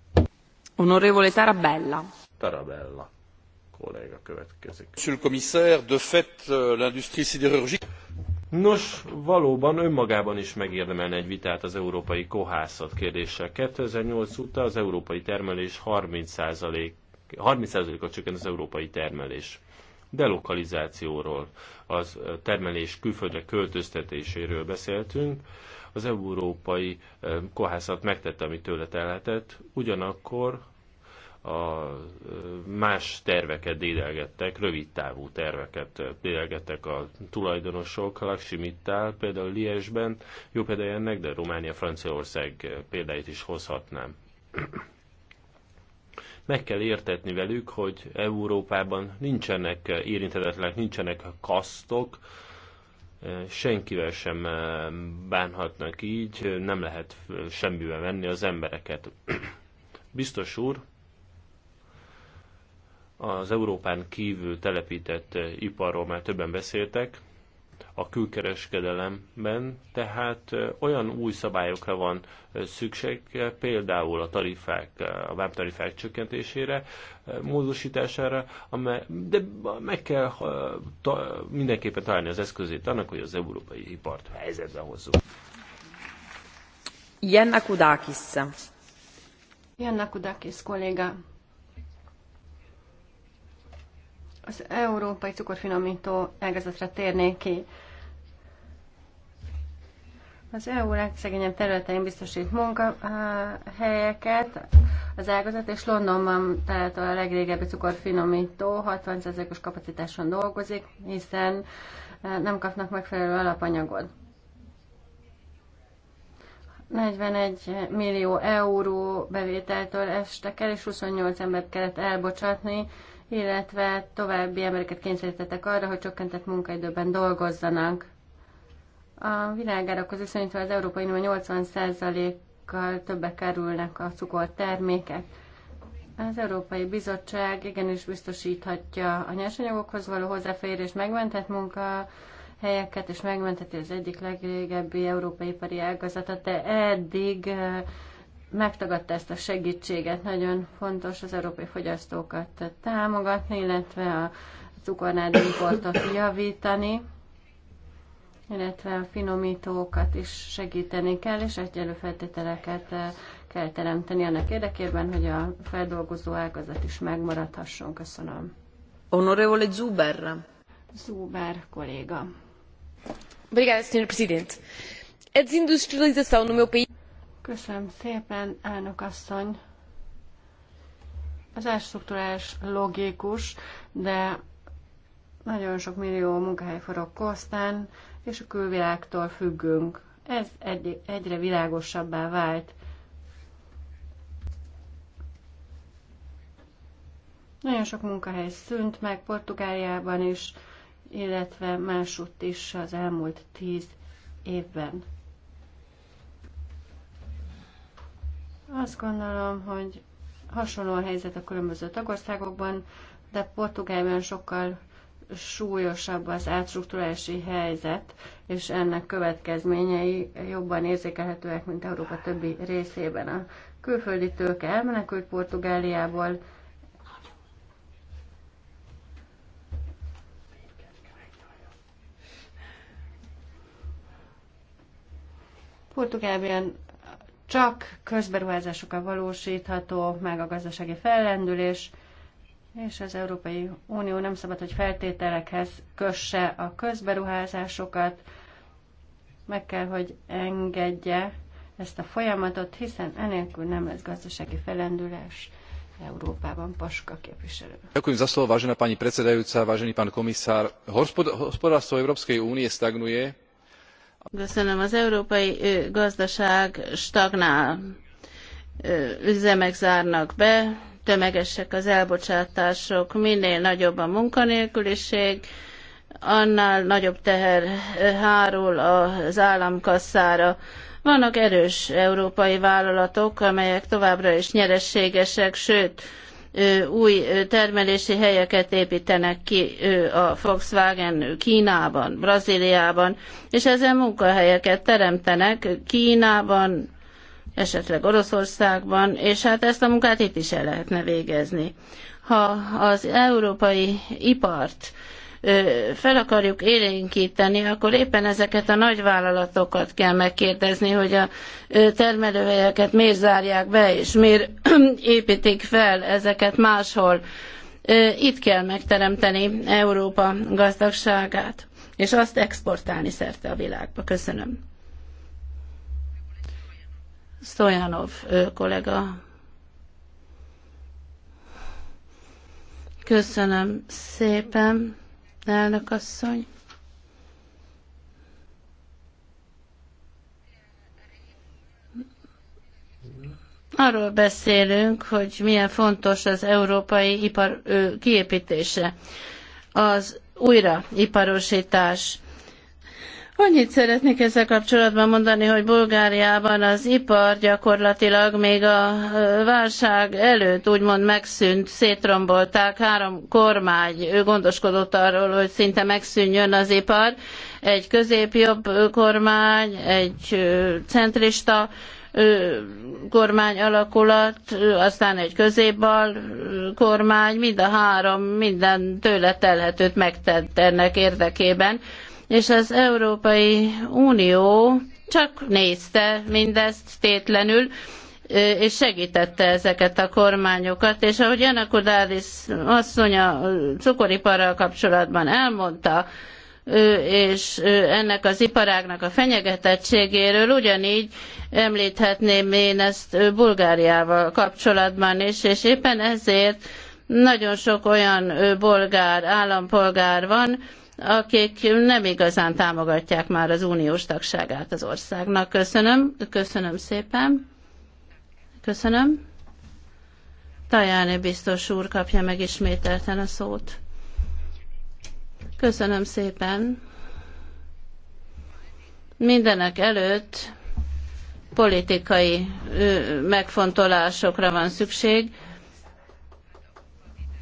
Speaker 3: Honorevole Tarabella.
Speaker 4: Tarabella kolléga következik. Monsieur le commissaire, de fait, euh, l'industrie sidérurgique... Nos, valóban önmagában is megérdemelne egy vitát az európai kohászat kérdéssel. 2008 óta az európai termelés 30% 30%-kal csökkent az európai termelés. Delokalizációról, az termelés külföldre költöztetéséről beszéltünk. Az európai kohászat megtette, amit tőle telhetett, ugyanakkor a más terveket dédelgettek, rövid távú terveket dédelgettek a tulajdonosok. Laksi Mittal például Liesben, jó például ennek, de Románia, Franciaország példáit is hozhatnám. Meg kell értetni velük, hogy Európában nincsenek érintetetlenek, nincsenek kasztok, senkivel sem eh, bánhatnak így, nem lehet semmibe venni az embereket. Biztos úr, az Európán kívül telepített iparról már többen beszéltek, a külkereskedelemben, tehát olyan új szabályokra van szükség, például a tarifák, a vámtarifák csökkentésére, módosítására, amely, de meg kell ta, mindenképpen találni az eszközét annak, hogy az európai ipart helyzetbe hozzuk. Jenna Kudakis.
Speaker 3: Jenna Kudakis kolléga. Az európai cukorfinomító ágazatra térnék ki. Az EU legszegényebb területein biztosít munkahelyeket. Az ágazat és Londonban található a legrégebbi cukorfinomító, 60%-os kapacitáson dolgozik, hiszen nem kapnak megfelelő alapanyagot. 41 millió euró bevételtől estek el, és 28 embert kellett elbocsátni, illetve további embereket kényszerítettek arra, hogy csökkentett munkaidőben dolgozzanak. A világárakhoz viszonyítva az Európai Unió 80%-kal többe kerülnek a cukortermékek. Az Európai Bizottság igenis biztosíthatja a nyersanyagokhoz való hozzáférés, megmentett munka, helyeket, és megmenteti az egyik legrégebbi európai ipari ágazatot, de eddig megtagadta ezt a segítséget. Nagyon fontos az európai fogyasztókat támogatni, illetve a cukornád importot javítani, illetve a finomítókat is segíteni kell, és egyelő feltételeket kell teremteni annak érdekében, hogy a feldolgozó ágazat is megmaradhasson. Köszönöm. Honorevole Zuber. Zuber kolléga. Obrigada, Sr. Presidente. A desindustrialização no meu país Köszönöm szépen, elnök asszony. Az árstruktúrás logikus, de nagyon sok millió munkahely forog kosztán, és a külvilágtól függünk. Ez egy, egyre világosabbá vált. Nagyon sok munkahely szűnt meg Portugáliában is, illetve másutt is az elmúlt tíz évben. Azt gondolom, hogy hasonló a helyzet a különböző tagországokban, de Portugálban sokkal súlyosabb az átstruktúrási helyzet, és ennek következményei jobban érzékelhetőek, mint Európa többi részében. A külföldi tőke elmenekült Portugáliából, Portugálban csak közberuházásokkal valósítható meg a gazdasági fellendülés, és az Európai Unió nem szabad, hogy feltételekhez kösse a közberuházásokat, meg kell, hogy engedje ezt a folyamatot, hiszen enélkül nem lesz gazdasági felendülés. Európában Paska képviselő.
Speaker 2: Ďakujem za slovo, vážená pani predsedajúca, vážený pán komisár. Hospodárstvo Európskej únie stagnuje,
Speaker 1: Köszönöm, az európai gazdaság stagnál. Üzemek zárnak be, tömegesek az elbocsátások, minél nagyobb a munkanélküliség, annál nagyobb teher hárul az államkasszára. Vannak erős európai vállalatok, amelyek továbbra is nyereségesek, sőt, új termelési helyeket építenek ki a Volkswagen Kínában, Brazíliában, és ezen munkahelyeket teremtenek Kínában, esetleg Oroszországban, és hát ezt a munkát itt is el lehetne végezni. Ha az európai ipart fel akarjuk élénkíteni, akkor éppen ezeket a nagyvállalatokat kell megkérdezni, hogy a termelőhelyeket miért zárják be, és miért építik fel ezeket máshol. Itt kell megteremteni Európa gazdagságát, és azt exportálni szerte a világba. Köszönöm. Stojanov kollega. Köszönöm szépen. Elnök asszony. Arról beszélünk, hogy milyen fontos az európai ipar kiépítése, az újraiparosítás Annyit szeretnék ezzel kapcsolatban mondani, hogy Bulgáriában az ipar gyakorlatilag még a válság előtt úgymond megszűnt, szétrombolták, három kormány gondoskodott arról, hogy szinte megszűnjön az ipar, egy középjobb kormány, egy centrista kormány alakulat, aztán egy középbal kormány, mind a három minden tőle telhetőt megtett ennek érdekében és az Európai Unió csak nézte mindezt tétlenül, eh, és segítette ezeket a kormányokat, és ahogy Janakudádis asszony a cukoriparral kapcsolatban elmondta, eh, és eh, ennek az iparágnak a fenyegetettségéről ugyanígy említhetném én ezt Bulgáriával kapcsolatban is, és éppen ezért nagyon sok olyan bolgár állampolgár van, akik nem igazán támogatják már az uniós tagságát az országnak. Köszönöm, köszönöm szépen. Köszönöm. Tajáni biztos úr kapja meg ismételten a szót. Köszönöm szépen. Mindenek előtt politikai megfontolásokra van szükség.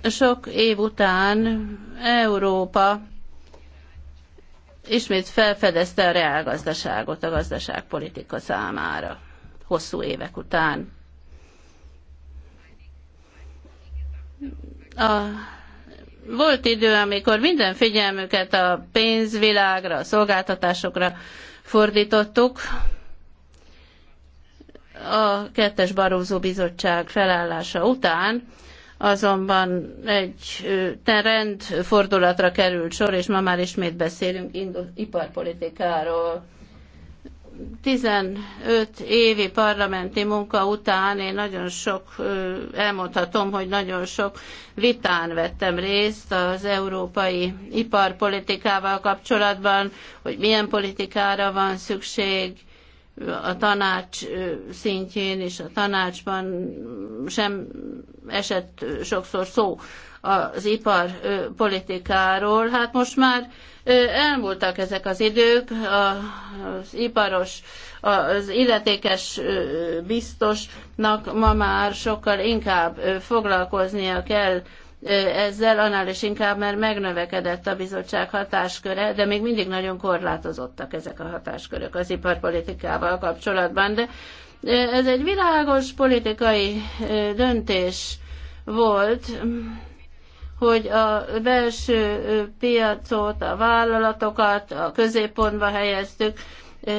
Speaker 1: Sok év után Európa ismét felfedezte a reálgazdaságot a gazdaságpolitika számára hosszú évek után. A, volt idő, amikor minden figyelmüket a pénzvilágra, a szolgáltatásokra fordítottuk. A kettes Barózó Bizottság felállása után azonban egy rend fordulatra került sor, és ma már ismét beszélünk iparpolitikáról. 15 évi parlamenti munka után én nagyon sok, elmondhatom, hogy nagyon sok vitán vettem részt az európai iparpolitikával kapcsolatban, hogy milyen politikára van szükség, a tanács szintjén és a tanácsban sem esett sokszor szó az iparpolitikáról. Hát most már elmúltak ezek az idők, az iparos, az illetékes biztosnak ma már sokkal inkább foglalkoznia kell ezzel, annál is inkább, mert megnövekedett a bizottság hatásköre, de még mindig nagyon korlátozottak ezek a hatáskörök az iparpolitikával kapcsolatban, de ez egy világos politikai döntés volt, hogy a belső piacot, a vállalatokat a középpontba helyeztük,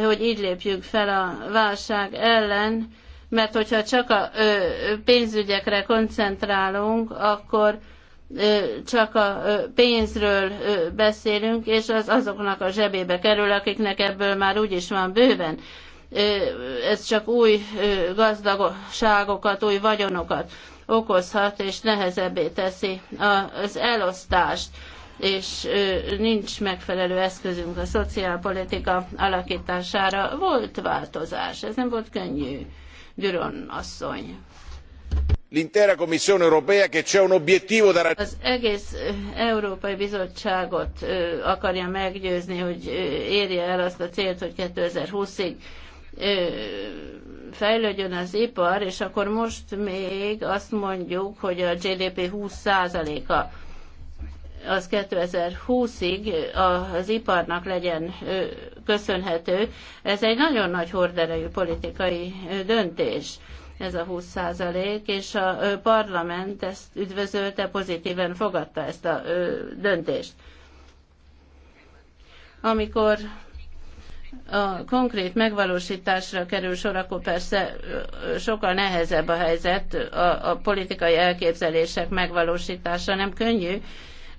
Speaker 1: hogy így lépjük fel a válság ellen, mert hogyha csak a pénzügyekre koncentrálunk, akkor csak a pénzről beszélünk, és az azoknak a zsebébe kerül, akiknek ebből már úgyis van bőven ez csak új gazdagságokat, új vagyonokat okozhat, és nehezebbé teszi az elosztást és nincs megfelelő eszközünk a szociálpolitika alakítására. Volt változás, ez nem volt könnyű, Düron
Speaker 2: asszony. L'intera Commissione europea che c'è un obiettivo da Az
Speaker 1: egész Európai Bizottságot akarja meggyőzni, hogy érje el azt a célt, hogy 2020-ig fejlődjön az ipar, és akkor most még azt mondjuk, hogy a GDP 20%-a az 2020-ig az iparnak legyen köszönhető. Ez egy nagyon nagy horderejű politikai döntés ez a 20 százalék, és a parlament ezt üdvözölte, pozitíven fogadta ezt a döntést. Amikor a konkrét megvalósításra kerül sor, akkor persze sokkal nehezebb a helyzet, a, a politikai elképzelések megvalósítása nem könnyű,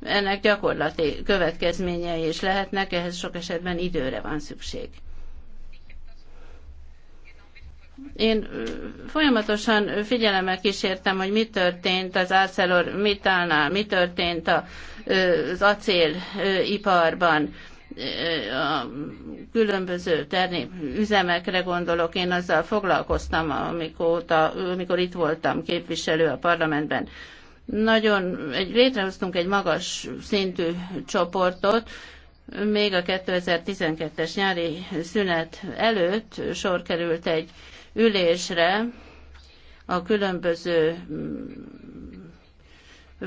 Speaker 1: ennek gyakorlati következményei is lehetnek, ehhez sok esetben időre van szükség. Én folyamatosan figyelemmel kísértem, hogy mi történt az ArcelorMittalnál, mi történt az acéliparban a különböző terni üzemekre gondolok, én azzal foglalkoztam, amikor, amikor itt voltam képviselő a parlamentben. Nagyon, egy, létrehoztunk egy magas szintű csoportot, még a 2012-es nyári szünet előtt sor került egy ülésre a különböző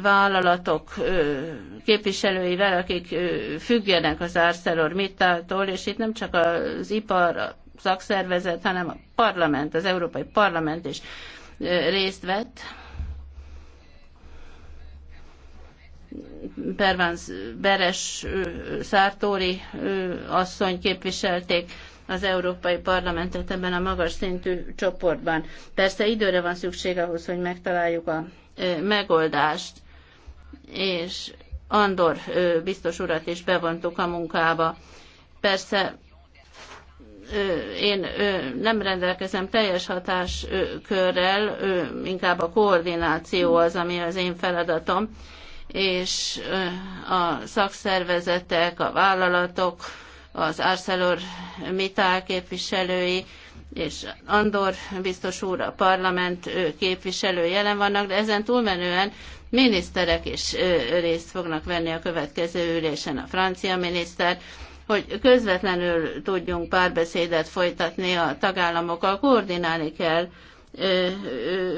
Speaker 1: vállalatok képviselőivel, akik függenek az ArcelorMittal-tól, és itt nem csak az ipar szakszervezet, hanem a parlament, az Európai Parlament is részt vett. Pervánz Beres Szártóri asszony képviselték az Európai Parlamentet ebben a magas szintű csoportban. Persze időre van szükség ahhoz, hogy megtaláljuk a megoldást és Andor biztos urat is bevontuk a munkába. Persze én nem rendelkezem teljes hatáskörrel, inkább a koordináció az, ami az én feladatom, és a szakszervezetek, a vállalatok, az Arcelor Mitál képviselői, és Andor biztos úr, a parlament képviselő jelen vannak, de ezen túlmenően miniszterek is részt fognak venni a következő ülésen, a francia miniszter, hogy közvetlenül tudjunk párbeszédet folytatni a tagállamokkal, koordinálni kell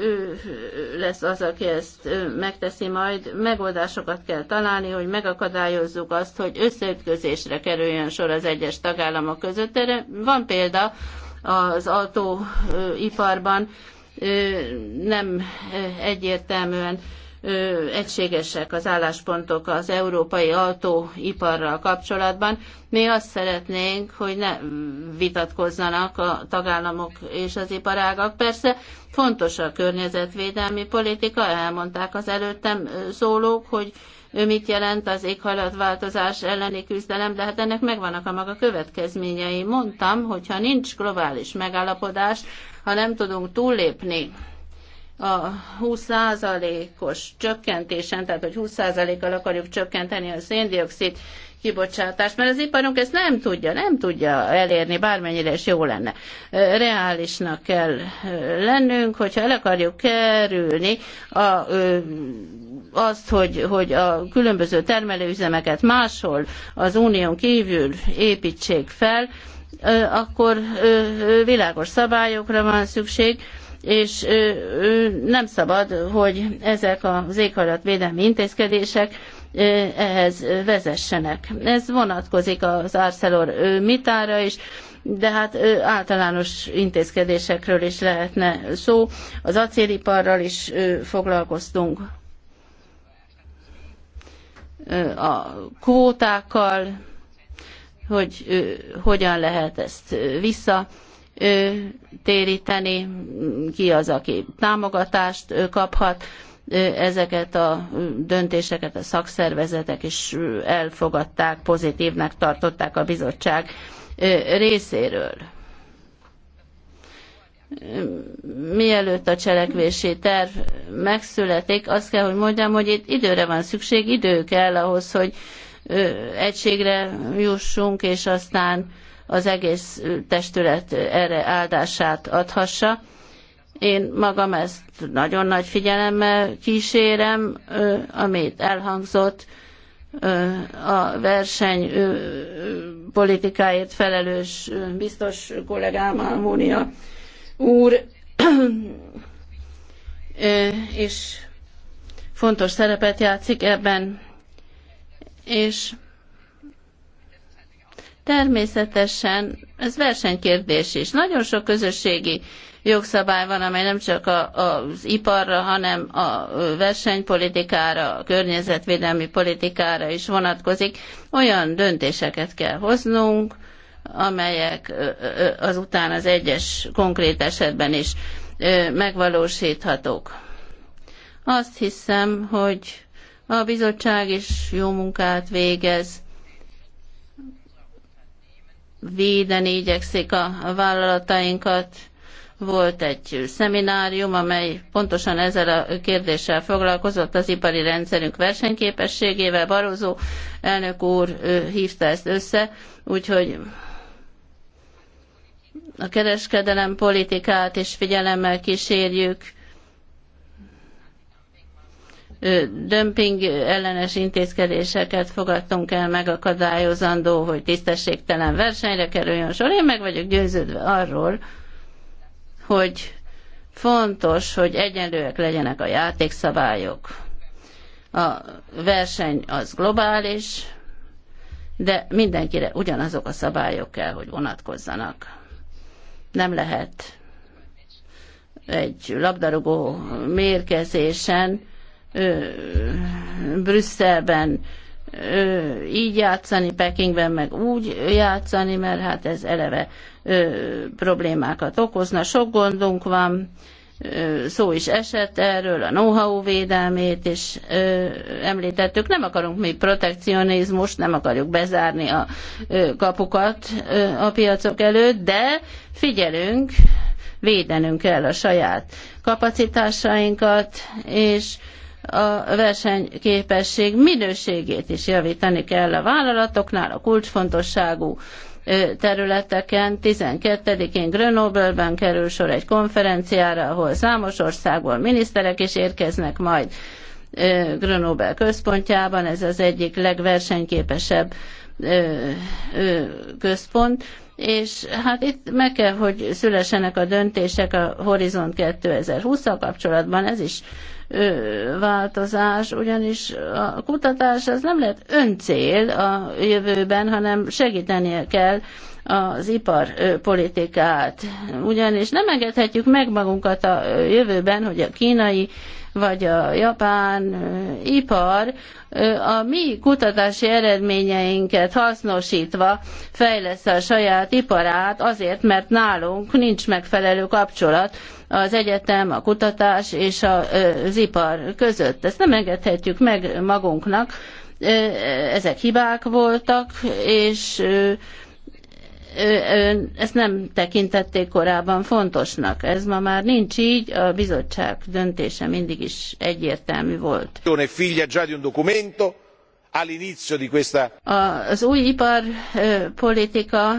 Speaker 1: ő lesz az, aki ezt megteszi majd. Megoldásokat kell találni, hogy megakadályozzuk azt, hogy összeütközésre kerüljön sor az egyes tagállamok között. Erre van példa az autóiparban, nem egyértelműen egységesek az álláspontok az európai autóiparral kapcsolatban. Mi azt szeretnénk, hogy ne vitatkozzanak a tagállamok és az iparágak. Persze fontos a környezetvédelmi politika, elmondták az előttem szólók, hogy ő mit jelent az éghajlatváltozás elleni küzdelem, de hát ennek megvannak a maga következményei. Mondtam, hogyha nincs globális megállapodás, ha nem tudunk túllépni a 20%-os csökkentésen, tehát hogy 20%-kal akarjuk csökkenteni a széndiokszid kibocsátást, mert az iparunk ezt nem tudja, nem tudja elérni, bármennyire is jó lenne. Reálisnak kell lennünk, hogyha el akarjuk kerülni a, azt, hogy, hogy a különböző termelőüzemeket máshol az unión kívül építsék fel, akkor világos szabályokra van szükség, és nem szabad, hogy ezek az éghajlatvédelmi intézkedések ehhez vezessenek. Ez vonatkozik az Arcelor mitára is, de hát általános intézkedésekről is lehetne szó. Az acéliparral is foglalkoztunk a kvótákkal, hogy hogyan lehet ezt vissza téríteni, ki az, aki támogatást kaphat. Ezeket a döntéseket a szakszervezetek is elfogadták, pozitívnak tartották a bizottság részéről mielőtt a cselekvési terv megszületik, azt kell, hogy mondjam, hogy itt időre van szükség, idő kell ahhoz, hogy egységre jussunk, és aztán az egész testület erre áldását adhassa. Én magam ezt nagyon nagy figyelemmel kísérem, amit elhangzott a verseny politikáért felelős biztos kollégám Almónia úr, és fontos szerepet játszik ebben, és Természetesen ez versenykérdés is. Nagyon sok közösségi jogszabály van, amely nem csak a, az iparra, hanem a versenypolitikára, a környezetvédelmi politikára is vonatkozik. Olyan döntéseket kell hoznunk, amelyek azután az egyes konkrét esetben is megvalósíthatók. Azt hiszem, hogy a bizottság is jó munkát végez védeni igyekszik a vállalatainkat. Volt egy szeminárium, amely pontosan ezzel a kérdéssel foglalkozott az ipari rendszerünk versenyképességével. Barozó elnök úr hívta ezt össze, úgyhogy a kereskedelem politikát is figyelemmel kísérjük dömping ellenes intézkedéseket fogadtunk el megakadályozandó, hogy tisztességtelen versenyre kerüljön sor. Én meg vagyok győződve arról, hogy fontos, hogy egyenlőek legyenek a játékszabályok. A verseny az globális, de mindenkire ugyanazok a szabályok kell, hogy vonatkozzanak. Nem lehet egy labdarúgó mérkezésen Brüsszelben így játszani, Pekingben meg úgy játszani, mert hát ez eleve problémákat okozna. Sok gondunk van, szó is esett erről, a know-how védelmét is említettük. Nem akarunk mi protekcionizmust, nem akarjuk bezárni a kapukat a piacok előtt, de figyelünk, védenünk kell a saját kapacitásainkat, és a versenyképesség minőségét is javítani kell a vállalatoknál, a kulcsfontosságú területeken. 12-én Grenoble-ben kerül sor egy konferenciára, ahol számos országból miniszterek is érkeznek majd Grenoble központjában. Ez az egyik legversenyképesebb központ, és hát itt meg kell, hogy szülessenek a döntések a Horizont 2020-a kapcsolatban, ez is változás, ugyanis a kutatás az nem lehet öncél a jövőben, hanem segítenie kell az iparpolitikát. Ugyanis nem engedhetjük meg magunkat a jövőben, hogy a kínai vagy a japán ipar a mi kutatási eredményeinket hasznosítva fejlesz a saját iparát azért, mert nálunk nincs megfelelő kapcsolat az egyetem, a kutatás és az ipar között. Ezt nem engedhetjük meg magunknak. Ezek hibák voltak, és ezt nem tekintették korábban fontosnak. Ez ma már nincs így, a bizottság döntése mindig is egyértelmű volt. Az új iparpolitika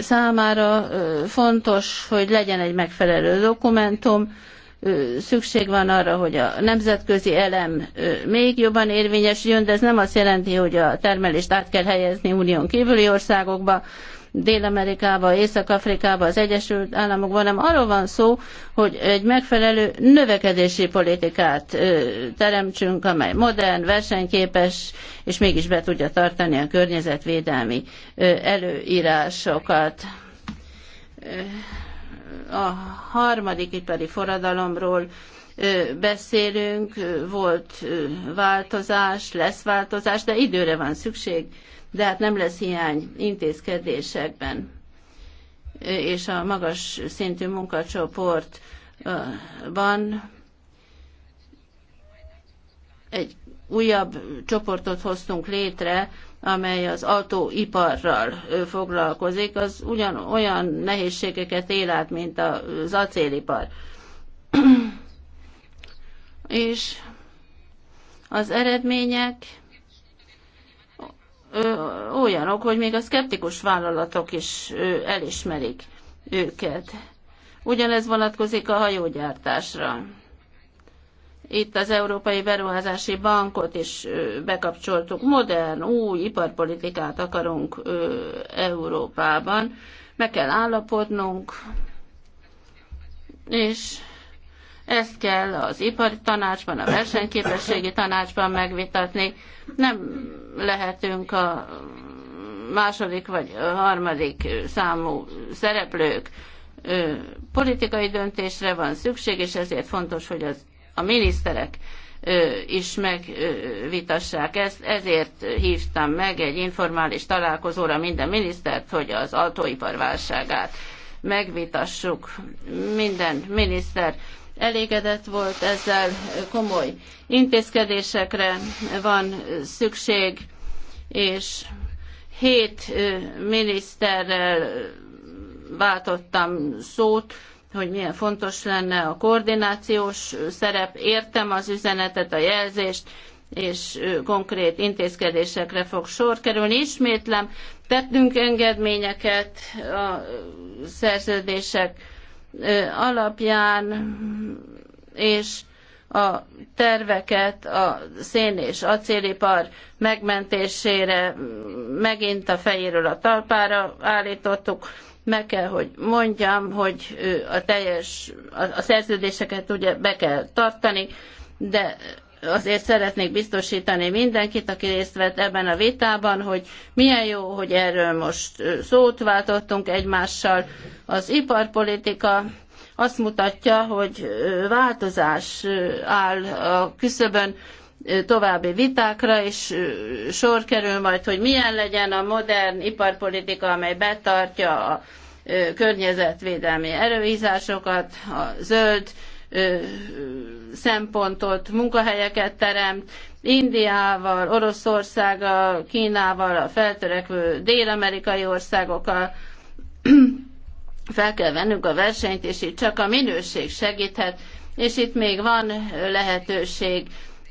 Speaker 1: számára fontos, hogy legyen egy megfelelő dokumentum, szükség van arra, hogy a nemzetközi elem még jobban érvényesüljön, de ez nem azt jelenti, hogy a termelést át kell helyezni unión kívüli országokba, Dél-Amerikába, Észak-Afrikába, az Egyesült Államokban, hanem arról van szó, hogy egy megfelelő növekedési politikát teremtsünk, amely modern, versenyképes, és mégis be tudja tartani a környezetvédelmi előírásokat a harmadik ipari forradalomról beszélünk, volt változás, lesz változás, de időre van szükség de hát nem lesz hiány intézkedésekben. És a magas szintű munkacsoportban egy újabb csoportot hoztunk létre, amely az autóiparral foglalkozik, az ugyan olyan nehézségeket él át, mint az acélipar. És az eredmények olyanok, hogy még a szkeptikus vállalatok is elismerik őket. Ugyanez vonatkozik a hajógyártásra. Itt az Európai Beruházási Bankot is bekapcsoltuk. Modern, új iparpolitikát akarunk Európában. Meg kell állapodnunk, és ezt kell az ipari tanácsban, a versenyképességi tanácsban megvitatni. Nem lehetünk a második vagy harmadik számú szereplők. Politikai döntésre van szükség, és ezért fontos, hogy az, a miniszterek is megvitassák ezt. Ezért hívtam meg egy informális találkozóra minden minisztert, hogy az autóipar válságát megvitassuk. Minden miniszter elégedett volt ezzel, komoly intézkedésekre van szükség, és hét miniszterrel váltottam szót, hogy milyen fontos lenne a koordinációs szerep. Értem az üzenetet, a jelzést, és konkrét intézkedésekre fog sor kerülni. Ismétlem, tettünk engedményeket a szerződések alapján, és a terveket a szén és acélipar megmentésére megint a fejéről a talpára állítottuk. Meg kell, hogy mondjam, hogy a teljes, a, a szerződéseket ugye be kell tartani, de azért szeretnék biztosítani mindenkit, aki részt vett ebben a vitában, hogy milyen jó, hogy erről most szót váltottunk egymással. Az iparpolitika azt mutatja, hogy változás áll a küszöbön, további vitákra, és sor kerül majd, hogy milyen legyen a modern iparpolitika, amely betartja a környezetvédelmi erőhízásokat, a zöld szempontot, munkahelyeket teremt, Indiával, Oroszországgal, Kínával, a feltörekvő dél-amerikai országokkal fel kell vennünk a versenyt, és itt csak a minőség segíthet, és itt még van lehetőség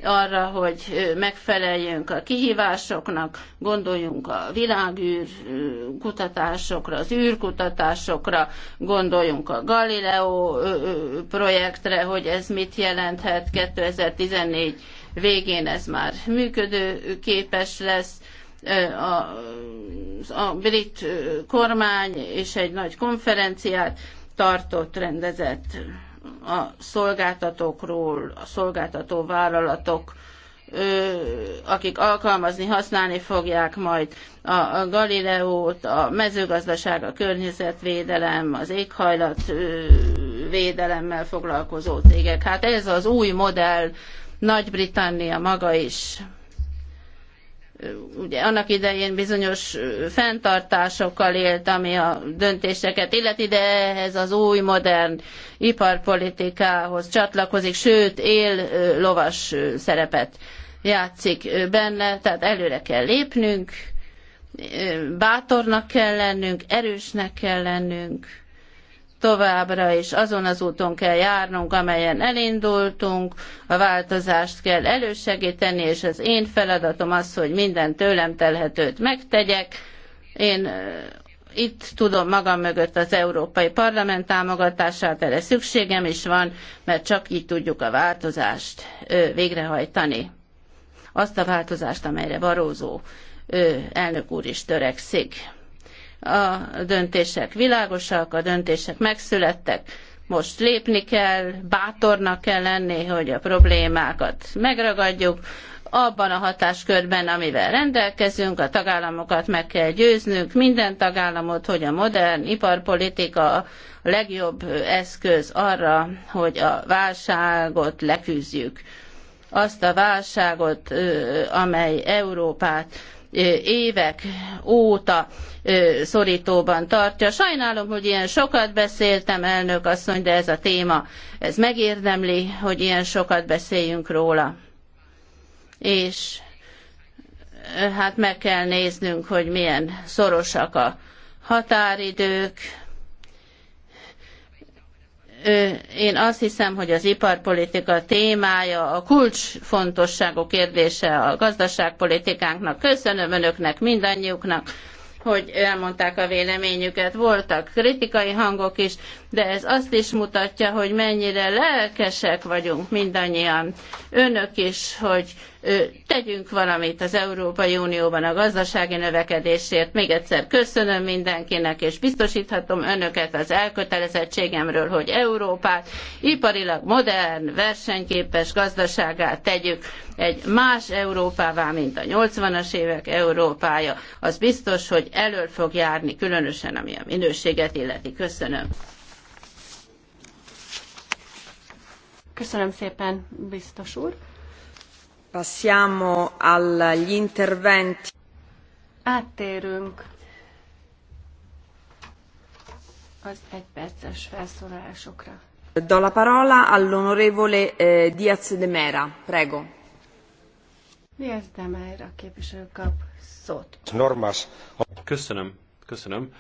Speaker 1: arra, hogy megfeleljünk a kihívásoknak, gondoljunk a világűr kutatásokra, az űrkutatásokra, gondoljunk a Galileo projektre, hogy ez mit jelenthet 2014 végén ez már működőképes lesz. A, a brit kormány és egy nagy konferenciát tartott, rendezett a szolgáltatókról, a szolgáltató vállalatok, akik alkalmazni, használni fogják majd a Galileót, a mezőgazdaság, a környezetvédelem, az éghajlat védelemmel foglalkozó cégek. Hát ez az új modell, Nagy-Britannia maga is ugye annak idején bizonyos fenntartásokkal élt, ami a döntéseket illeti, de ehhez az új modern iparpolitikához csatlakozik, sőt, él lovas szerepet játszik benne, tehát előre kell lépnünk, bátornak kell lennünk, erősnek kell lennünk, továbbra is azon az úton kell járnunk, amelyen elindultunk, a változást kell elősegíteni, és az én feladatom az, hogy minden tőlem telhetőt megtegyek. Én itt tudom magam mögött az Európai Parlament támogatását, erre szükségem is van, mert csak így tudjuk a változást végrehajtani. Azt a változást, amelyre Barózó elnök úr is törekszik a döntések világosak, a döntések megszülettek, most lépni kell, bátornak kell lenni, hogy a problémákat megragadjuk, abban a hatáskörben, amivel rendelkezünk, a tagállamokat meg kell győznünk, minden tagállamot, hogy a modern iparpolitika a legjobb eszköz arra, hogy a válságot leküzdjük. Azt a válságot, amely Európát évek óta szorítóban tartja. Sajnálom, hogy ilyen sokat beszéltem, elnök asszony, de ez a téma, ez megérdemli, hogy ilyen sokat beszéljünk róla. És hát meg kell néznünk, hogy milyen szorosak a határidők, én azt hiszem, hogy az iparpolitika témája a kulcsfontosságú kérdése a gazdaságpolitikánknak. Köszönöm önöknek, mindannyiuknak, hogy elmondták a véleményüket. Voltak kritikai hangok is, de ez azt is mutatja, hogy mennyire lelkesek vagyunk mindannyian. Önök is, hogy tegyünk valamit az Európai Unióban a gazdasági növekedésért. Még egyszer köszönöm mindenkinek, és biztosíthatom önöket az elkötelezettségemről, hogy Európát iparilag modern, versenyképes gazdaságát tegyük egy más Európává, mint a 80-as évek Európája. Az biztos, hogy elől fog járni, különösen ami a minőséget illeti. Köszönöm.
Speaker 3: Köszönöm szépen, biztos úr. Passiamo agli interventi. Áttérünk az egyperces felszólalásokra. Do la parola
Speaker 4: all'onorevole eh, Diaz de Mera. Prego.
Speaker 3: Diaz de Mera képviselő kap szót.
Speaker 4: Normas. Köszönöm, köszönöm.